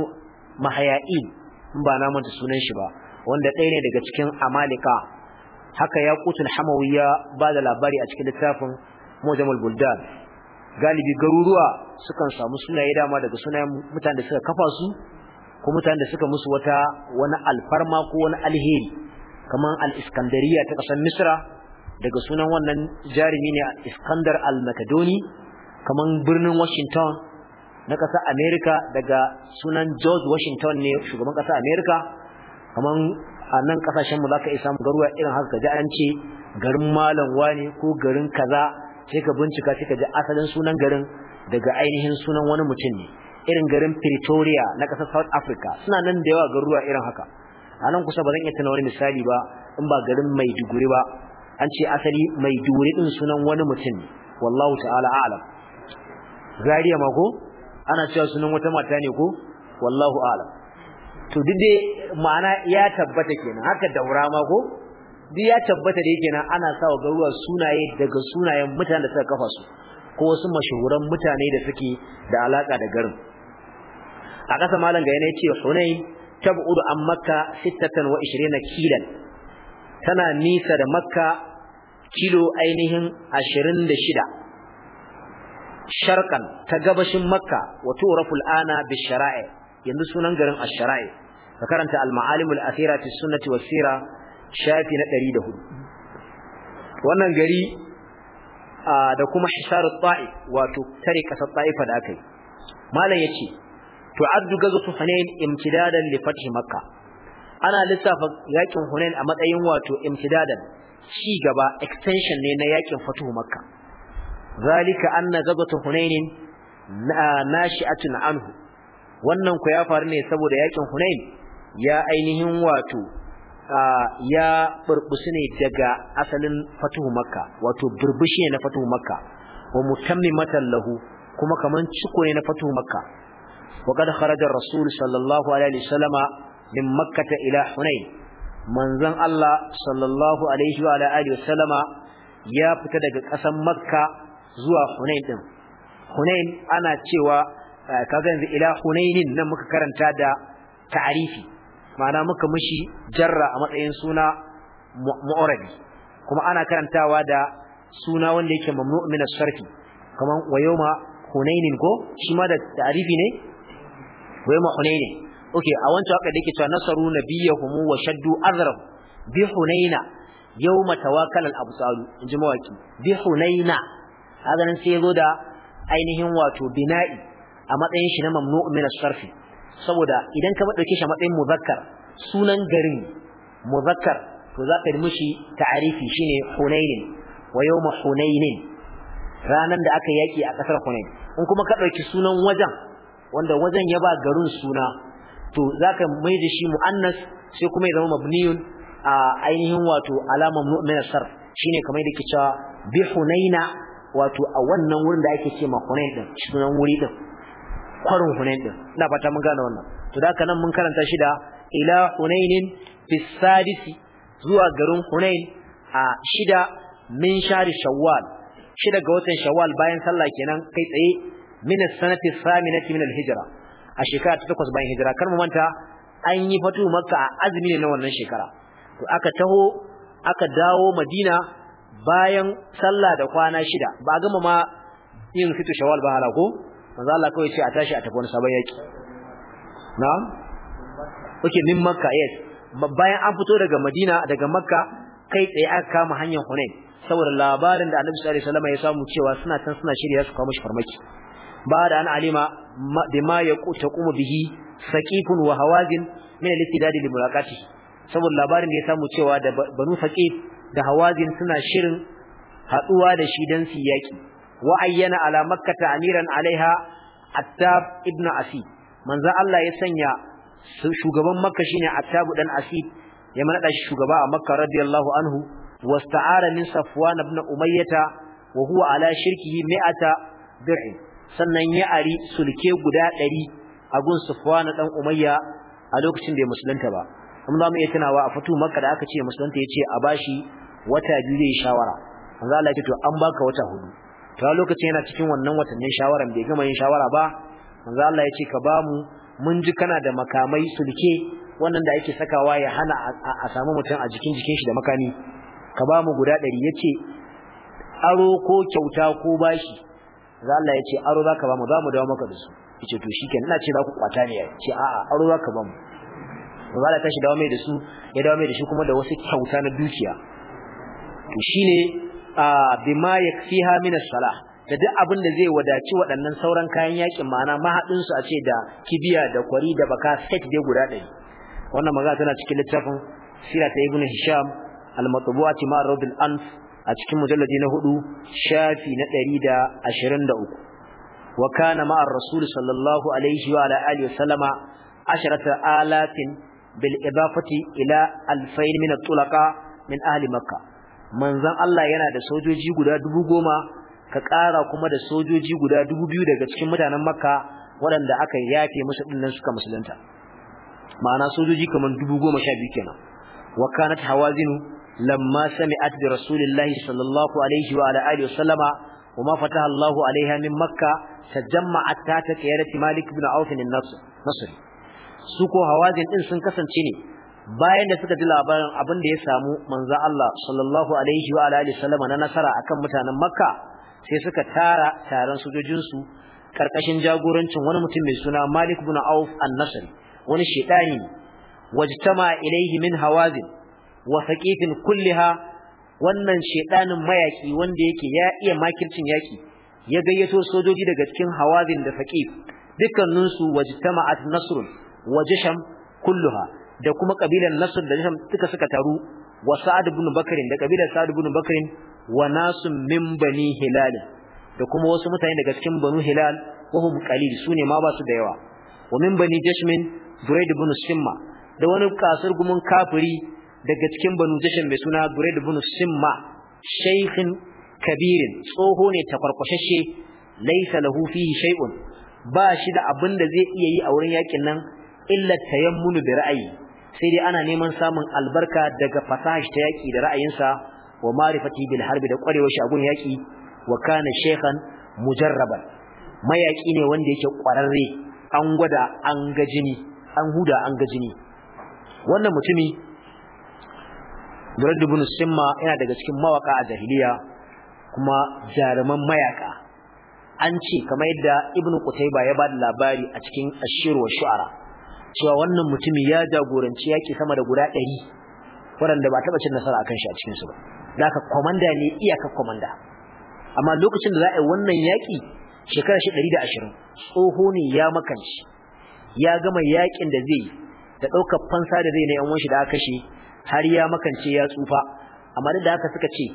Mahya'in in ba na manta sunan shi ba wanda ɗaya ne daga cikin Amalika haka ya kutul Hamawi ya ba da labari a cikin littafin Mujamul Buldan galibi garuruwa sukan samu sunaye dama daga sunayen mutanen da suka kafa su ko mutanen da suka musu wata wani alfarma ko wani alheri kamar al-Iskandariya ta ƙasar Misra daga sunan wannan jarumi ne Iskandar al-Makadoni kaman birnin Washington na ƙasa America daga sunan George Washington ne shugaban ƙasa Amerika, kaman a nan ƙasashen mu zaka isa garuwa irin haka ji an ce garin malam wani ko garin kaza sai ka bincika sai ka ji asalin sunan garin daga ainihin sunan wani mutum ne irin garin Pretoria na ƙasar South Africa suna nan da yawa garuwa irin haka a nan kusa ba zan iya tana wani misali ba in ba garin Maiduguri ba an ce asali mai duri din sunan wani mutum wallahu ta'ala a'lam zariya ma ko ana cewa sunan wata mata ne ko wallahu a'lam to duk dai ma'ana ya tabbata kenan haka daura ma ko duk ya tabbata da kenan ana sawa garuwa sunaye daga sunayen mutanen da suka kafa su ko wasu mashahuran mutane da suke da alaka da garin a ƙasa malam ga yana yace Hunay tabu'u an Makka 26 kilan tana nisa da Makka kilo ainihin ashirin da shida sharkan ta gabashin makka wa turaful ana bishara'i yanzu sunan garin ashara'i ka karanta al-ma'alimul athira fi sunnati was sira shafi na 104 wannan gari da kuma hisarut ta'i wato tare kasar ta'ifa da akai malam yace tu'addu gazatu hunain imtidadan li fath makka ana lissafa yakin hunain a matsayin wato imtidadan ci gaba extension ne na yakin fatuhu makka zalika anna gazatu hunain nashi'atun anhu wannan ku ya faru ne saboda yakin hunain ya ainihin wato ya burbusu ne daga asalin fatuhu makka wato burbushi ne na fatuhu makka wa mutammimatan lahu kuma kaman ciko ne na fatuhu makka wa kad kharaja rasul sallallahu alaihi wasallama min makkah ila hunain manzon Allah sallallahu alaihi wa alihi wasallama ya fita daga ƙasar Makka zuwa Hunain din Hunain ana cewa ah, kaga yanzu ila Hunainin nan muka karanta da ta'arifi ma'ana muka mishi jarra a matsayin suna mu'arabi kuma ana karantawa da suna wanda yake mamnu' min as-sarfi kaman wayoma Hunainin ko shi ma da ta'arifi ne wayoma Hunainin Oke, a wancan haka da yake cewa nasaru nabiyahum wa shaddu azram bi hunaina yawma tawakkal al absar ji mawaki bi hunaina haka nan sai yazo da ainihin wato bina'i a matsayin shi na mamnu' min as-sarfi saboda idan ka dauke shi a matsayin muzakkar sunan garin muzakkar to za ka mishi ta'arifi shine hunainin wa yawma hunainin ranan da aka yaki a kasar hunain in kuma ka dauki sunan wajen wanda wajen ya ba garin suna to zaka mai da shi muannas sai kuma ya zama mabniyun a ainihin wato alamar mu'min asar shine kamar da cewa bi hunaina wato a wannan wurin da ake ce ma hunain din sunan wuri din kwarin hunain din ina fata mun gane wannan to da nan mun karanta shi da ila hunainin fi sadisi zuwa garin hunain a shida min shari shawwal shida ga watan shawwal bayan sallah kenan kai tsaye min sanati saminati min al a shekara ta takwas bayan hijira kar mu manta an yi fatu makka a azumi ne na wannan shekara to aka taho aka dawo madina bayan sallah da kwana shida ba gama ma yin fitu shawal ba halako manzo Allah kawai ce a tashi a tafi wani sabon yaki na'am okay min makka yes bayan an fito daga madina daga makka kai tsaye aka kama hanyar hunain saboda labarin da annabi sallallahu alaihi wasallam ya samu cewa suna can suna shirya su kawo mashi farmaki بعد أن علم بما تقوم به سقيف وهوازن من الاستعداد لملاقاته saboda labarin da ya samu cewa da banu saqif da hawazin suna shirin haɗuwa da shi dan su yaki wa ayyana ala makkata amiran alaiha attab ibn asib manzo Allah ya sanya shugaban makka ne attab dan asib ya manada shi shugaba a makka radiyallahu anhu wasta'ara min safwan ibn umayyah wa huwa ala shirkihi mi'ata dir'in sannan ya ari sulke guda ɗari a gun Sufwan dan Umayya a lokacin da ya musulunta ba kuma za mu iya tunawa a fatu Makka da aka ce musulunta yace a bashi wata biyu zai shawara manzo Allah ya to an baka wata hudu to a lokacin yana cikin wannan watannin shawaran bai gama yin shawara ba manzo Allah ya ce ka ba mu mun ji kana da makamai sulke wannan da ake sakawa ya hana a samu mutum a jikin jikin shi da makami ka ba mu guda ɗari ya ce aro ko kyauta ko bashi za Allah ya ce aro zaka ba mu za mu dawo maka da su yace to shikenan ina ce za ku kwata ne ce a'a aro zaka ba mu za Allah ta shi dawo mai da su ya dawo mai da shi kuma da wasu kyauta na dukiya to shine bima yakfiha min as-salah da duk abin da zai wadaci waɗannan sauran kayan yakin ma'ana mahadin su a ce da kibiya da kwari da baka set dai guda ɗari wannan magana tana cikin littafin sira ta ibnu hisham al-matbu'ati ma rawd al-anf a cikin mujalladi na hudu shafi na 123 wa kana ma'ar rasul sallallahu alaihi wa ala alihi wasallama asharata alatin bil idafati ila alfayn min at-tulaqa min ahli makkah manzon Allah yana da sojoji guda dubu goma ka ƙara kuma da sojoji guda dubu biyu daga cikin mutanen makka waɗanda aka yafe musu dinnan suka musulunta ma'ana sojoji kaman dubu goma sha biyu kenan wa kanat hawazinu lamma sami'at bi rasulillahi sallallahu alaihi wa ala alihi wasallama وما فتح الله عليها من مكة تجمعت تحت قيادة مالك بن عوف النصري سوكو هوازن إن سن kasance ne bayan da suka ji labarin abin da ya samu manzo Allah sallallahu alaihi wa alihi sallama na nasara akan mutanen Makka sai suka tara taron sojojin su karkashin jagorancin wani mutum mai suna Malik ibn Auf an-Nasri wani shedani wajtama ilaihi min hawazin wa saqifin kulliha wannan shedanin mayaki wanda yake ya iya makircin yaki ya gayyato sojoji daga cikin hawazin da saqif dukkanin su wajtama'at wa wajasham kulluha da kuma kabilan nasr da jasham suka suka taru wa sa'ad ibn bakrin da kabilar sa'ad ibn bakrin wa nasum min bani hilal da kuma wasu mutane daga cikin banu hilal wahum qalil sune ma ba su da yawa wa min bani jashmin buraid ibn simma da wani kasar gumin kafiri daga cikin banu jashin mai suna Buraid ibn Simma shaykhin kabirin tsoho ne ta laysa lahu fihi shay'un ba shi da abin da zai iya yi a wurin yakin nan illa tayammunu bi ra'ayi sai dai ana neman samun albarka daga fasaha ta yaki da ra'ayinsa wa ma'rifati bil harbi da kwarewar shi a gurin yaki wa kana shaykhan mujarraban mayaki ne wanda yake kwararre an gwada an ga jini an huda an ga jini wannan mutumi Burad ibn Simma yana daga cikin mawaka a jahiliya kuma jaruman mayaka an ce kamar yadda Ibn Qutayba ya bada labari a cikin Ashir wa Shu'ara cewa wannan mutumi ya jagoranci yaki sama da guda 100 waɗanda ba taɓa cin nasara akan shi a cikin su ba daga komanda ne iyaka komanda amma lokacin da za a yi wannan yaki shekara shi 120 tsoho ne ya makanci ya gama yakin da zai da ɗaukar fansa da zai na yan wanshi da aka kashe har ya makance ya tsufa amma duk da haka suka ce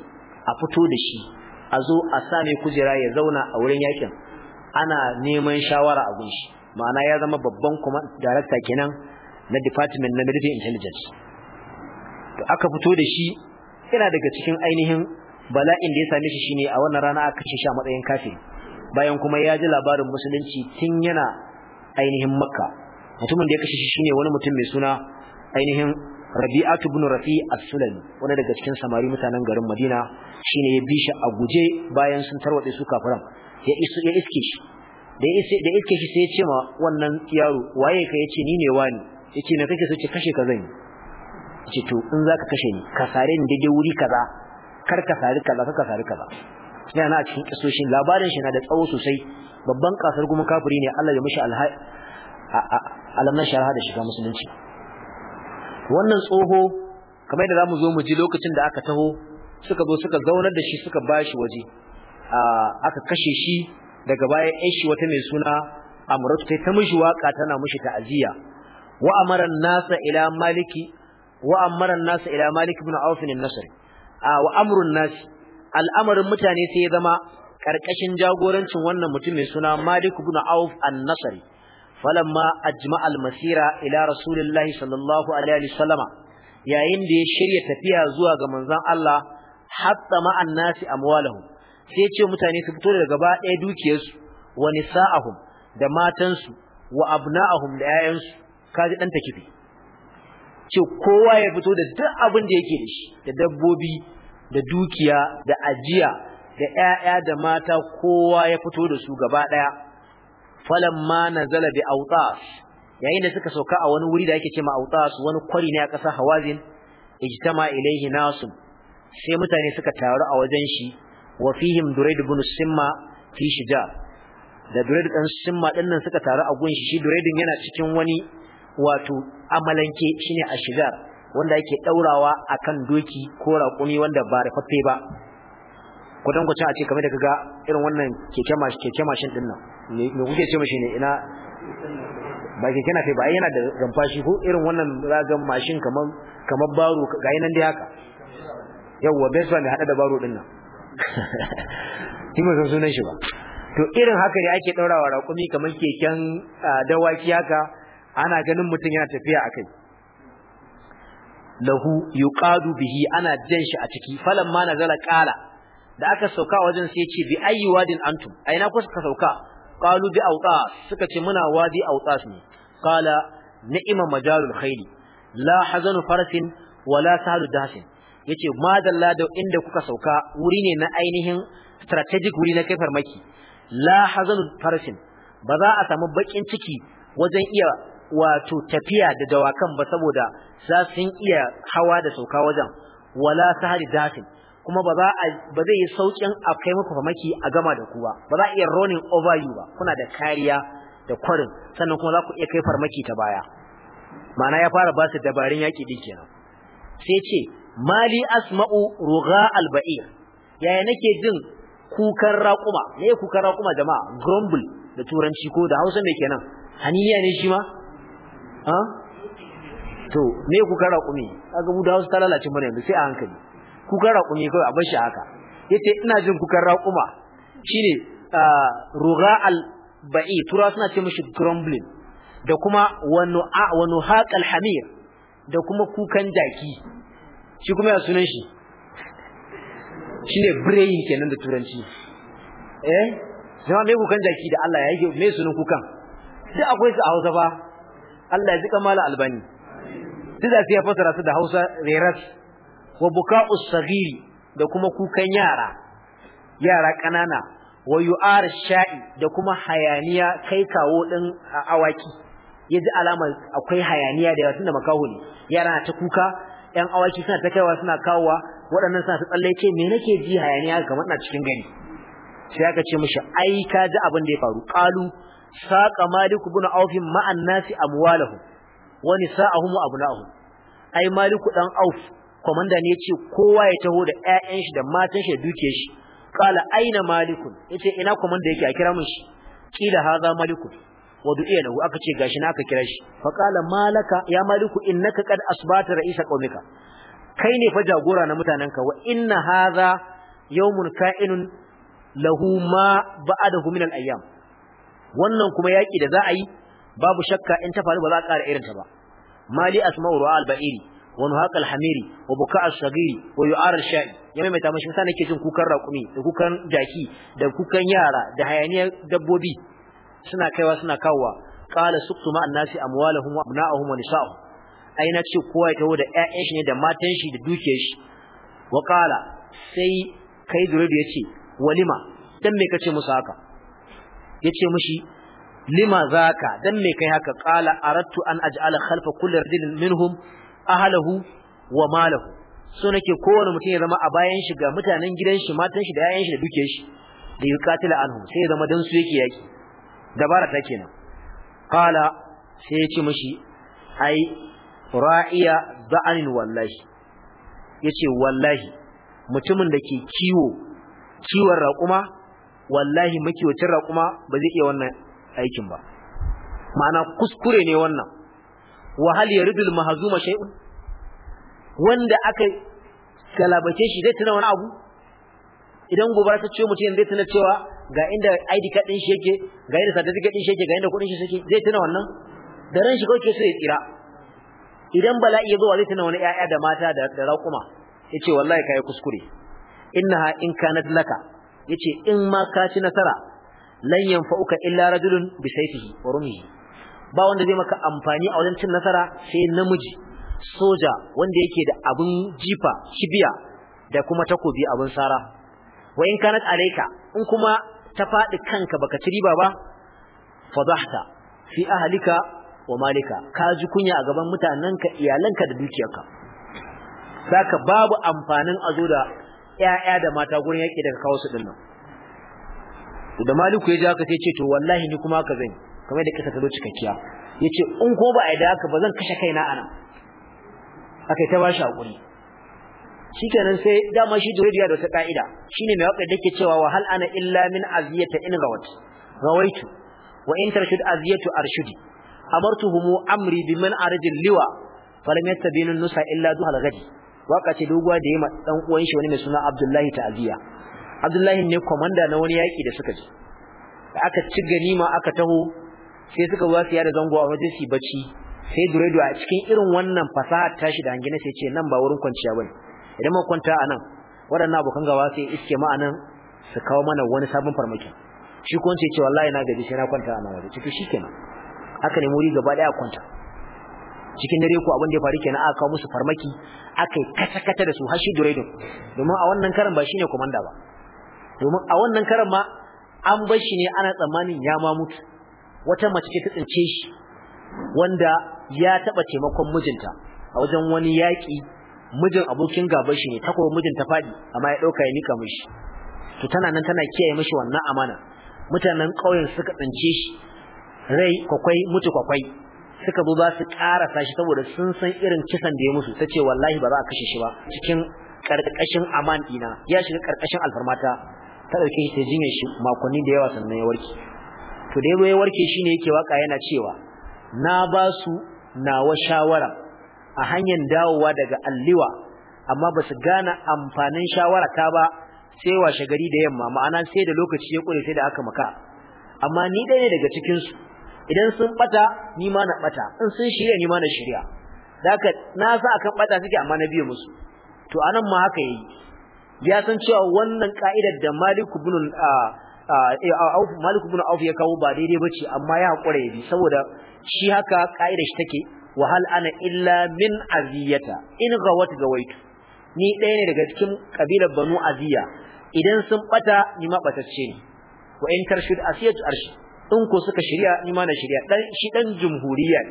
a fito da shi a zo a sa mai kujera ya zauna a wurin yakin ana neman shawara a gunshi, ma'ana ya zama babban kuma director kenan na department na military intelligence to aka fito da shi yana daga cikin ainihin bala'in da ya same shi shine a wannan rana aka ce shi a matsayin kafin, bayan kuma ya ji labarin musulunci tun yana ainihin makka mutumin da ya kashe shi shine wani mutum mai suna ainihin Rabi'atu ibn Rafi as-Sulami wani daga cikin samari mutanen garin Madina shine ya bi shi a guje bayan sun tarwatse su kafiran ya isu ya iske shi da iske da iske shi sai ya ce ma wannan yaro waye ka yace ni ne wani yace na kake so ce kashe ka zan yace to in zaka kashe ni ka sare ni daidai wuri kaza kar ka sare kaza ka sare kaza sai ana cikin kisoshin labarin shi na da tsawo sosai babban kasar kuma kafiri ne Allah ya mishi alha alamna sharha da shiga musulunci wannan tsoho kamar yadda zamu zo mu ji lokacin da aka taho suka zo suka zaunar da shi suka bashi waje aka kashe shi daga baya ai shi wata mai suna amrat kai ta mishi waka tana mishi ta'aziyya wa amara nasa ila maliki wa amara nasa ila malik ibn auf ibn nasr wa nas al'amarin mutane sai ya zama karkashin jagorancin wannan mutum mai suna malik ibn auf an-nasri falamma ajma al-masira ila rasulillahi sallallahu alaihi wasallama yayin da ya shirya tafiya zuwa ga manzon Allah hatta ma annasi amwalahum sai ce mutane su fito daga gaba ɗaya dukiyarsu wa nisa'ahum da matansu wa abna'ahum da 'ya'yansu kaji dan takibi ce kowa ya fito da duk abin da yake da shi da dabbobi da dukiya da ajiya da 'ya'ya da mata kowa ya fito da su gaba ɗaya falamma nazala bi autas yayin da suka sauka a wani wuri da ake cewa autas wani kwari ne a ƙasar hawazin ijtama ilaihi nasu sai mutane suka taru a wajen shi wa fihim durayd ibn simma fi shija da durayd dan simma din nan suka taru a gun shi shi durayd yana cikin wani wato amalanke shine ashigar wanda yake daurawa akan doki ko raƙumi wanda ba rafaffe ba kwatankwacin a ce kamar da kaga irin wannan keke mashin din nan me kuke ce mashi ne ina ba keke na ba yana da gamfashi ko irin wannan ragan mashin kamar kamar baro ga yanan dai haka yawwa baseball da hada da baro din nan kima san sunan shi ba to irin haka ne ake daurawa raƙumi kamar keken dawaki haka ana ganin mutum yana tafiya akai lahu yuqadu bihi ana jan shi a ciki falamma nazala qala da aka sauka wajen sai ce bi ayi wadin antum aina ku suka sauka qalu bi suka ce muna wadi auqas ne qala ni'ma majalul khayli la hazanu farsin wala sahlu dasin yace madalla da inda kuka sauka wuri ne na ainihin strategic wuri na kai farmaki la hazanu farsin ba za a samu bakin ciki wajen iya wato tafiya da dawakan ba saboda za su iya hawa da sauka wajen wala sahlu dasin kuma ba za a ba zai yi saukin a kai muku famaki a gama da kuwa? ba za a iya running over you ba kuna da kariya da kwarin sannan kuma za ku iya kai farmaki ta baya ma'ana ya fara ba su dabarun yaƙi din kenan sai ce mali asma'u ruga alba'ir yaya nake jin kukan raƙuma me kukan raƙuma jama'a grumble da turanci ko da Hausa me kenan haniya ne shi ma ha to me kukan raƙumi kaga mu da Hausa ta lalace mana yanzu sai a hankali kukan raƙumi kawai a bashi shi haka yace ina jin kukan raƙuma shine ruga al ba'i tura suna ce mishi grumbling da kuma wanu wanu haqal hamir da kuma kukan jaki shi kuma ya sunan shi shine braying kenan da turanci eh zama me kukan jaki da Allah ya yi me sunan kukan duk akwai su a Hausa ba Allah ya ji kamala albani duk da sai ya fasara su da Hausa rerat wa buka'us saghiri da kuma kukan yara yara kanana wa yu'ar sha'i da kuma hayaniya kai kawo din awaki yaji alamar akwai hayaniya da da makaho ne yara ta kuka yan awaki suna ta kaiwa suna kawowa waɗannan suna ta tsalle ce me nake ji hayaniya kamar a cikin gani sai aka ce mishi ai ka ji abin da ya faru qalu saqa malik ibn auf ma'an nasi amwalahum wa nisa'ahum wa abna'ahum ai maliku dan auf komanda ne yace kowa ya taho da ƴaƴan shi da matan shi da dukiyar shi qala aina malikun yace ina komanda yake a kira mun shi kila haza malikun wa du'iya lahu aka ce gashi na aka kira shi fa qala malaka ya maliku innaka qad asbata ra'isa qaumika kai ne fa jagora na ka wa inna haza yawmun ka'inun lahu ma ba'adahu min al-ayyam wannan kuma yaki da za a yi babu shakka in ta faru ba za a ƙara irin ta ba mali asma'u ru'al ba'iri wa nuhaq al-hamiri wa buka as-saghiri wa shai ya mai ta mashi nake jin kukan raƙumi da kukan jaki da kukan yara da hayaniyar dabbobi suna kaiwa suna kawowa qala suqtu ma'an nasi amwalahum wa abna'ahum wa nisa'ahum ai na ce kowa ya taho da ƴaƴan shi ne da matan shi da dukiyar shi wa qala sai kai duridu yace walima dan me kace musu haka yace mushi lima zaka dan me kai haka qala aradtu an aj'ala khalfa kulli ridin minhum ahlahu wa malahu so nake kowane mutum ya zama a bayan shi ga mutanen gidan shi matan shi da yayan shi da duke shi da yuqatil anhum sai ya zama dan su yake yaki dabara ta kenan qala sai ya ci mishi ai ra'iya za'anin wallahi yace wallahi mutumin da ke kiwo kiwon raƙuma wallahi makiwacin raƙuma ba zai iya wannan aikin ba ma'ana kuskure ne wannan wa hal yaridul mahzuma shay'un wanda aka galabace shi zai tuna wani abu idan gobara ta ciyo mutum zai tuna cewa ga inda ID card din shi yake ga inda certificate din shi yake ga inda kudin shi yake, zai tuna wannan da ran shi kawai sai ya tsira idan bala'i ya zo zai tuna wani ƴaƴa da mata da da raƙuma yace wallahi kai kuskure innaha in kanat laka yace in ma ka ci nasara lan yanfa'uka illa rajulun bi sayfihi wa rumihi ba wanda zai maka amfani a wajen cin nasara sai namiji soja wanda yake da abin jifa kibiya da kuma takobi abin sara wa in kanat alayka in kuma ta faɗi kanka baka ci riba ba fadahta fi ahlika wa malika ka ji kunya a gaban mutanenka iyalanka da dukiyarka zaka babu amfanin azo da 'ya'ya da mata gurin yake daga kawo su dinnan da maliku ya ji haka sai ce to wallahi ni kuma ka zan yi kamar da kisa ta zo cikakkiya yace in ko ba a yi da haka ba zan kashe kaina ana akai ta bashi hakuri shikenan sai dama shi juridiya da wata ka'ida shine mai waƙar dake cewa wa hal ana illa min aziyata in gawat gawaitu wa in tarshud aziyatu arshudi amartuhum amri biman aridil liwa falam yastabinu nusa illa duhal gadi waka ce doguwa da yi dan uwan shi wani mai suna Abdullahi ta'aziya Abdullahi ne komanda na wani yaki da suka ji aka ci ganima aka taho sai suka wasu siya da zango a waje su bacci sai duredo a cikin irin wannan fasahar tashi da hangina sai ce nan ba wurin kwanciya bane idan mun kwanta a nan waɗannan abokan gawa sai iske ma'anan su kawo mana wani sabon farmaki shi sai ce wallahi na gaji sai na kwanta a nan waje ciki shikenan aka nemi wuri gaba daya kwanta cikin dare ko abin da ya faru kenan aka kawo musu farmaki aka yi kata-kata da su har shi duredo domin a wannan karan ba shine komanda ba domin a wannan karan ma an bar shi ne ana tsammanin ya ma mutu wata mace ce ta tsince shi wanda ya taba taimakon mijinta a wajen wani yaki mijin abokin gaban shi ne takwa mijin ta fadi amma ya dauka ya nika mishi to tana nan tana kiyaye mishi wannan amana mutanen ƙauyen suka tsince shi rai kwakwai mutu kwakwai suka bu ba su karasa shi saboda sun san irin kisan da ya musu tace wallahi ba za a kashe shi ba cikin karkashin aman dina ya shiga karkashin alfarmata ta dauke shi ta jinyar shi makonni da yawa sannan ya warke to da ya warke shine yake waka yana cewa na ba su nawa shawara a hanyar dawowa daga alliwa amma basu gane amfanin shawara ta ba sai washe gari da yamma ma'ana sai da lokaci ya kure sai da aka maka amma ni dai ne daga cikin su idan sun bata ni ma na bata in sun shirya ni ma na shirya daka na sa akan bata suke amma na biye musu to anan ma haka yayi ya san cewa wannan ka'idar da Malik ibn ah, Malik ibn Auf ya kawo ba daidai bace amma ya hakura yabi saboda shi haka kaida shi take wa hal ana illa min aziyata in gawat gawaitu ni ɗaya ne daga cikin kabilar Banu Aziya idan sun bata ni ma batacce ne wa in tarshid asiyatu arshi in ko suka shirya ni ma na shirya dan shi dan jumhuriya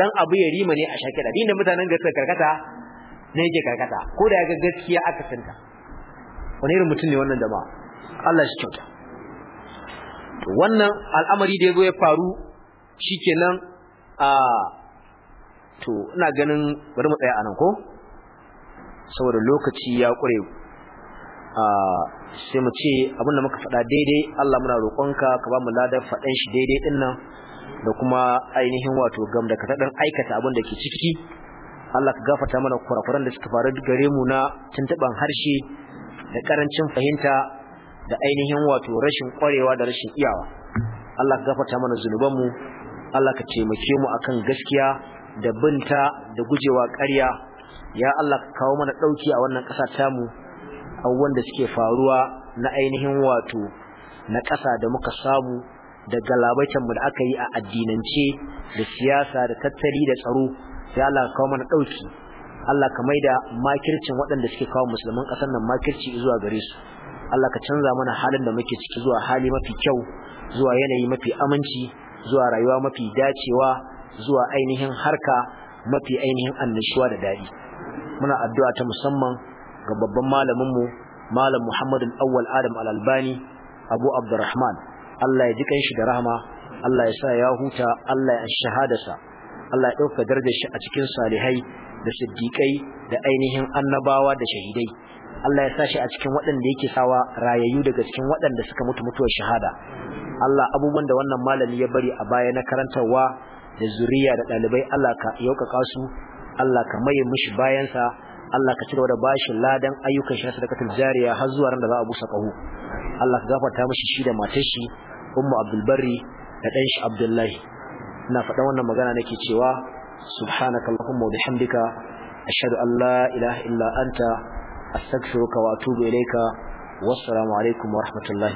dan abu yarima ne a da dinda mutanen ga suka karkata ne yake karkata ko da ya ga gaskiya aka tsinta wani irin mutum ne wannan jama'a Allah shi kyauta wannan al'amari da ya zo ya faru shi nan? a to ina ganin bari mu tsaya anan ko saboda lokaci ya kure a sai mu ce abin da muka faɗa daidai Allah muna roƙonka ka ba mu ladar faɗan shi daidai din nan da kuma ainihin wato gam da ka dan aikata abin da ke ciki Allah ka gafarta mana kurakuran da suka faru gare mu na tuntuban harshe da karancin fahimta da ainihin wato rashin kwarewa da rashin iyawa Allah ka gafarta mana zunubanmu Allah ka taimake mu akan gaskiya da binta da gujewa ƙarya ya Allah ka kawo mana dauki a wannan ƙasa tamu abubuwan da suke faruwa na ainihin wato na ƙasa da muka samu da galabaitan mu da aka yi a addinance da siyasa da tattali da tsaro ya Allah ka kawo mana dauki Allah ka maida makircin waɗanda suke kawo musulman ƙasar nan makirci zuwa gare su Allah ka canza mana halin da muke ciki zuwa hali mafi kyau zuwa yanayi mafi aminci zuwa rayuwa mafi dacewa zuwa ainihin harka mafi ainihin annashuwa da daɗi muna addu'a ta musamman ga babban malaminmu malam Muhammadu Awwal Adam Al-Albani Abu Abdurrahman Allah ya ji kanshi da rahama Allah ya sa ya huta Allah ya shahadarsa Allah ya ɗauka darajar shi a cikin salihai da siddiƙai da ainihin annabawa da shahidai Allah ya sashi a cikin waɗanda yake sawa rayayyu daga cikin waɗanda suka mutu mutuwar shahada Allah abubuwan da wannan malami ya bari a baya na karantarwa da zuriya da ɗalibai Allah ka yaukaka su Allah ka maye mishi bayansa Allah ka cigaba da bashi ladan ayyukan shi na sadakatul jariya har zuwa ran da za a busa kaho Allah ka gafarta mishi shi da matar shi Ummu Abdul Barri da ɗan shi Abdullahi ina faɗa wannan magana nake cewa subhanakallahumma wa bihamdika ashhadu an la ilaha illa anta astaghfiruka wa atubu ilayka wassalamu alaikum wa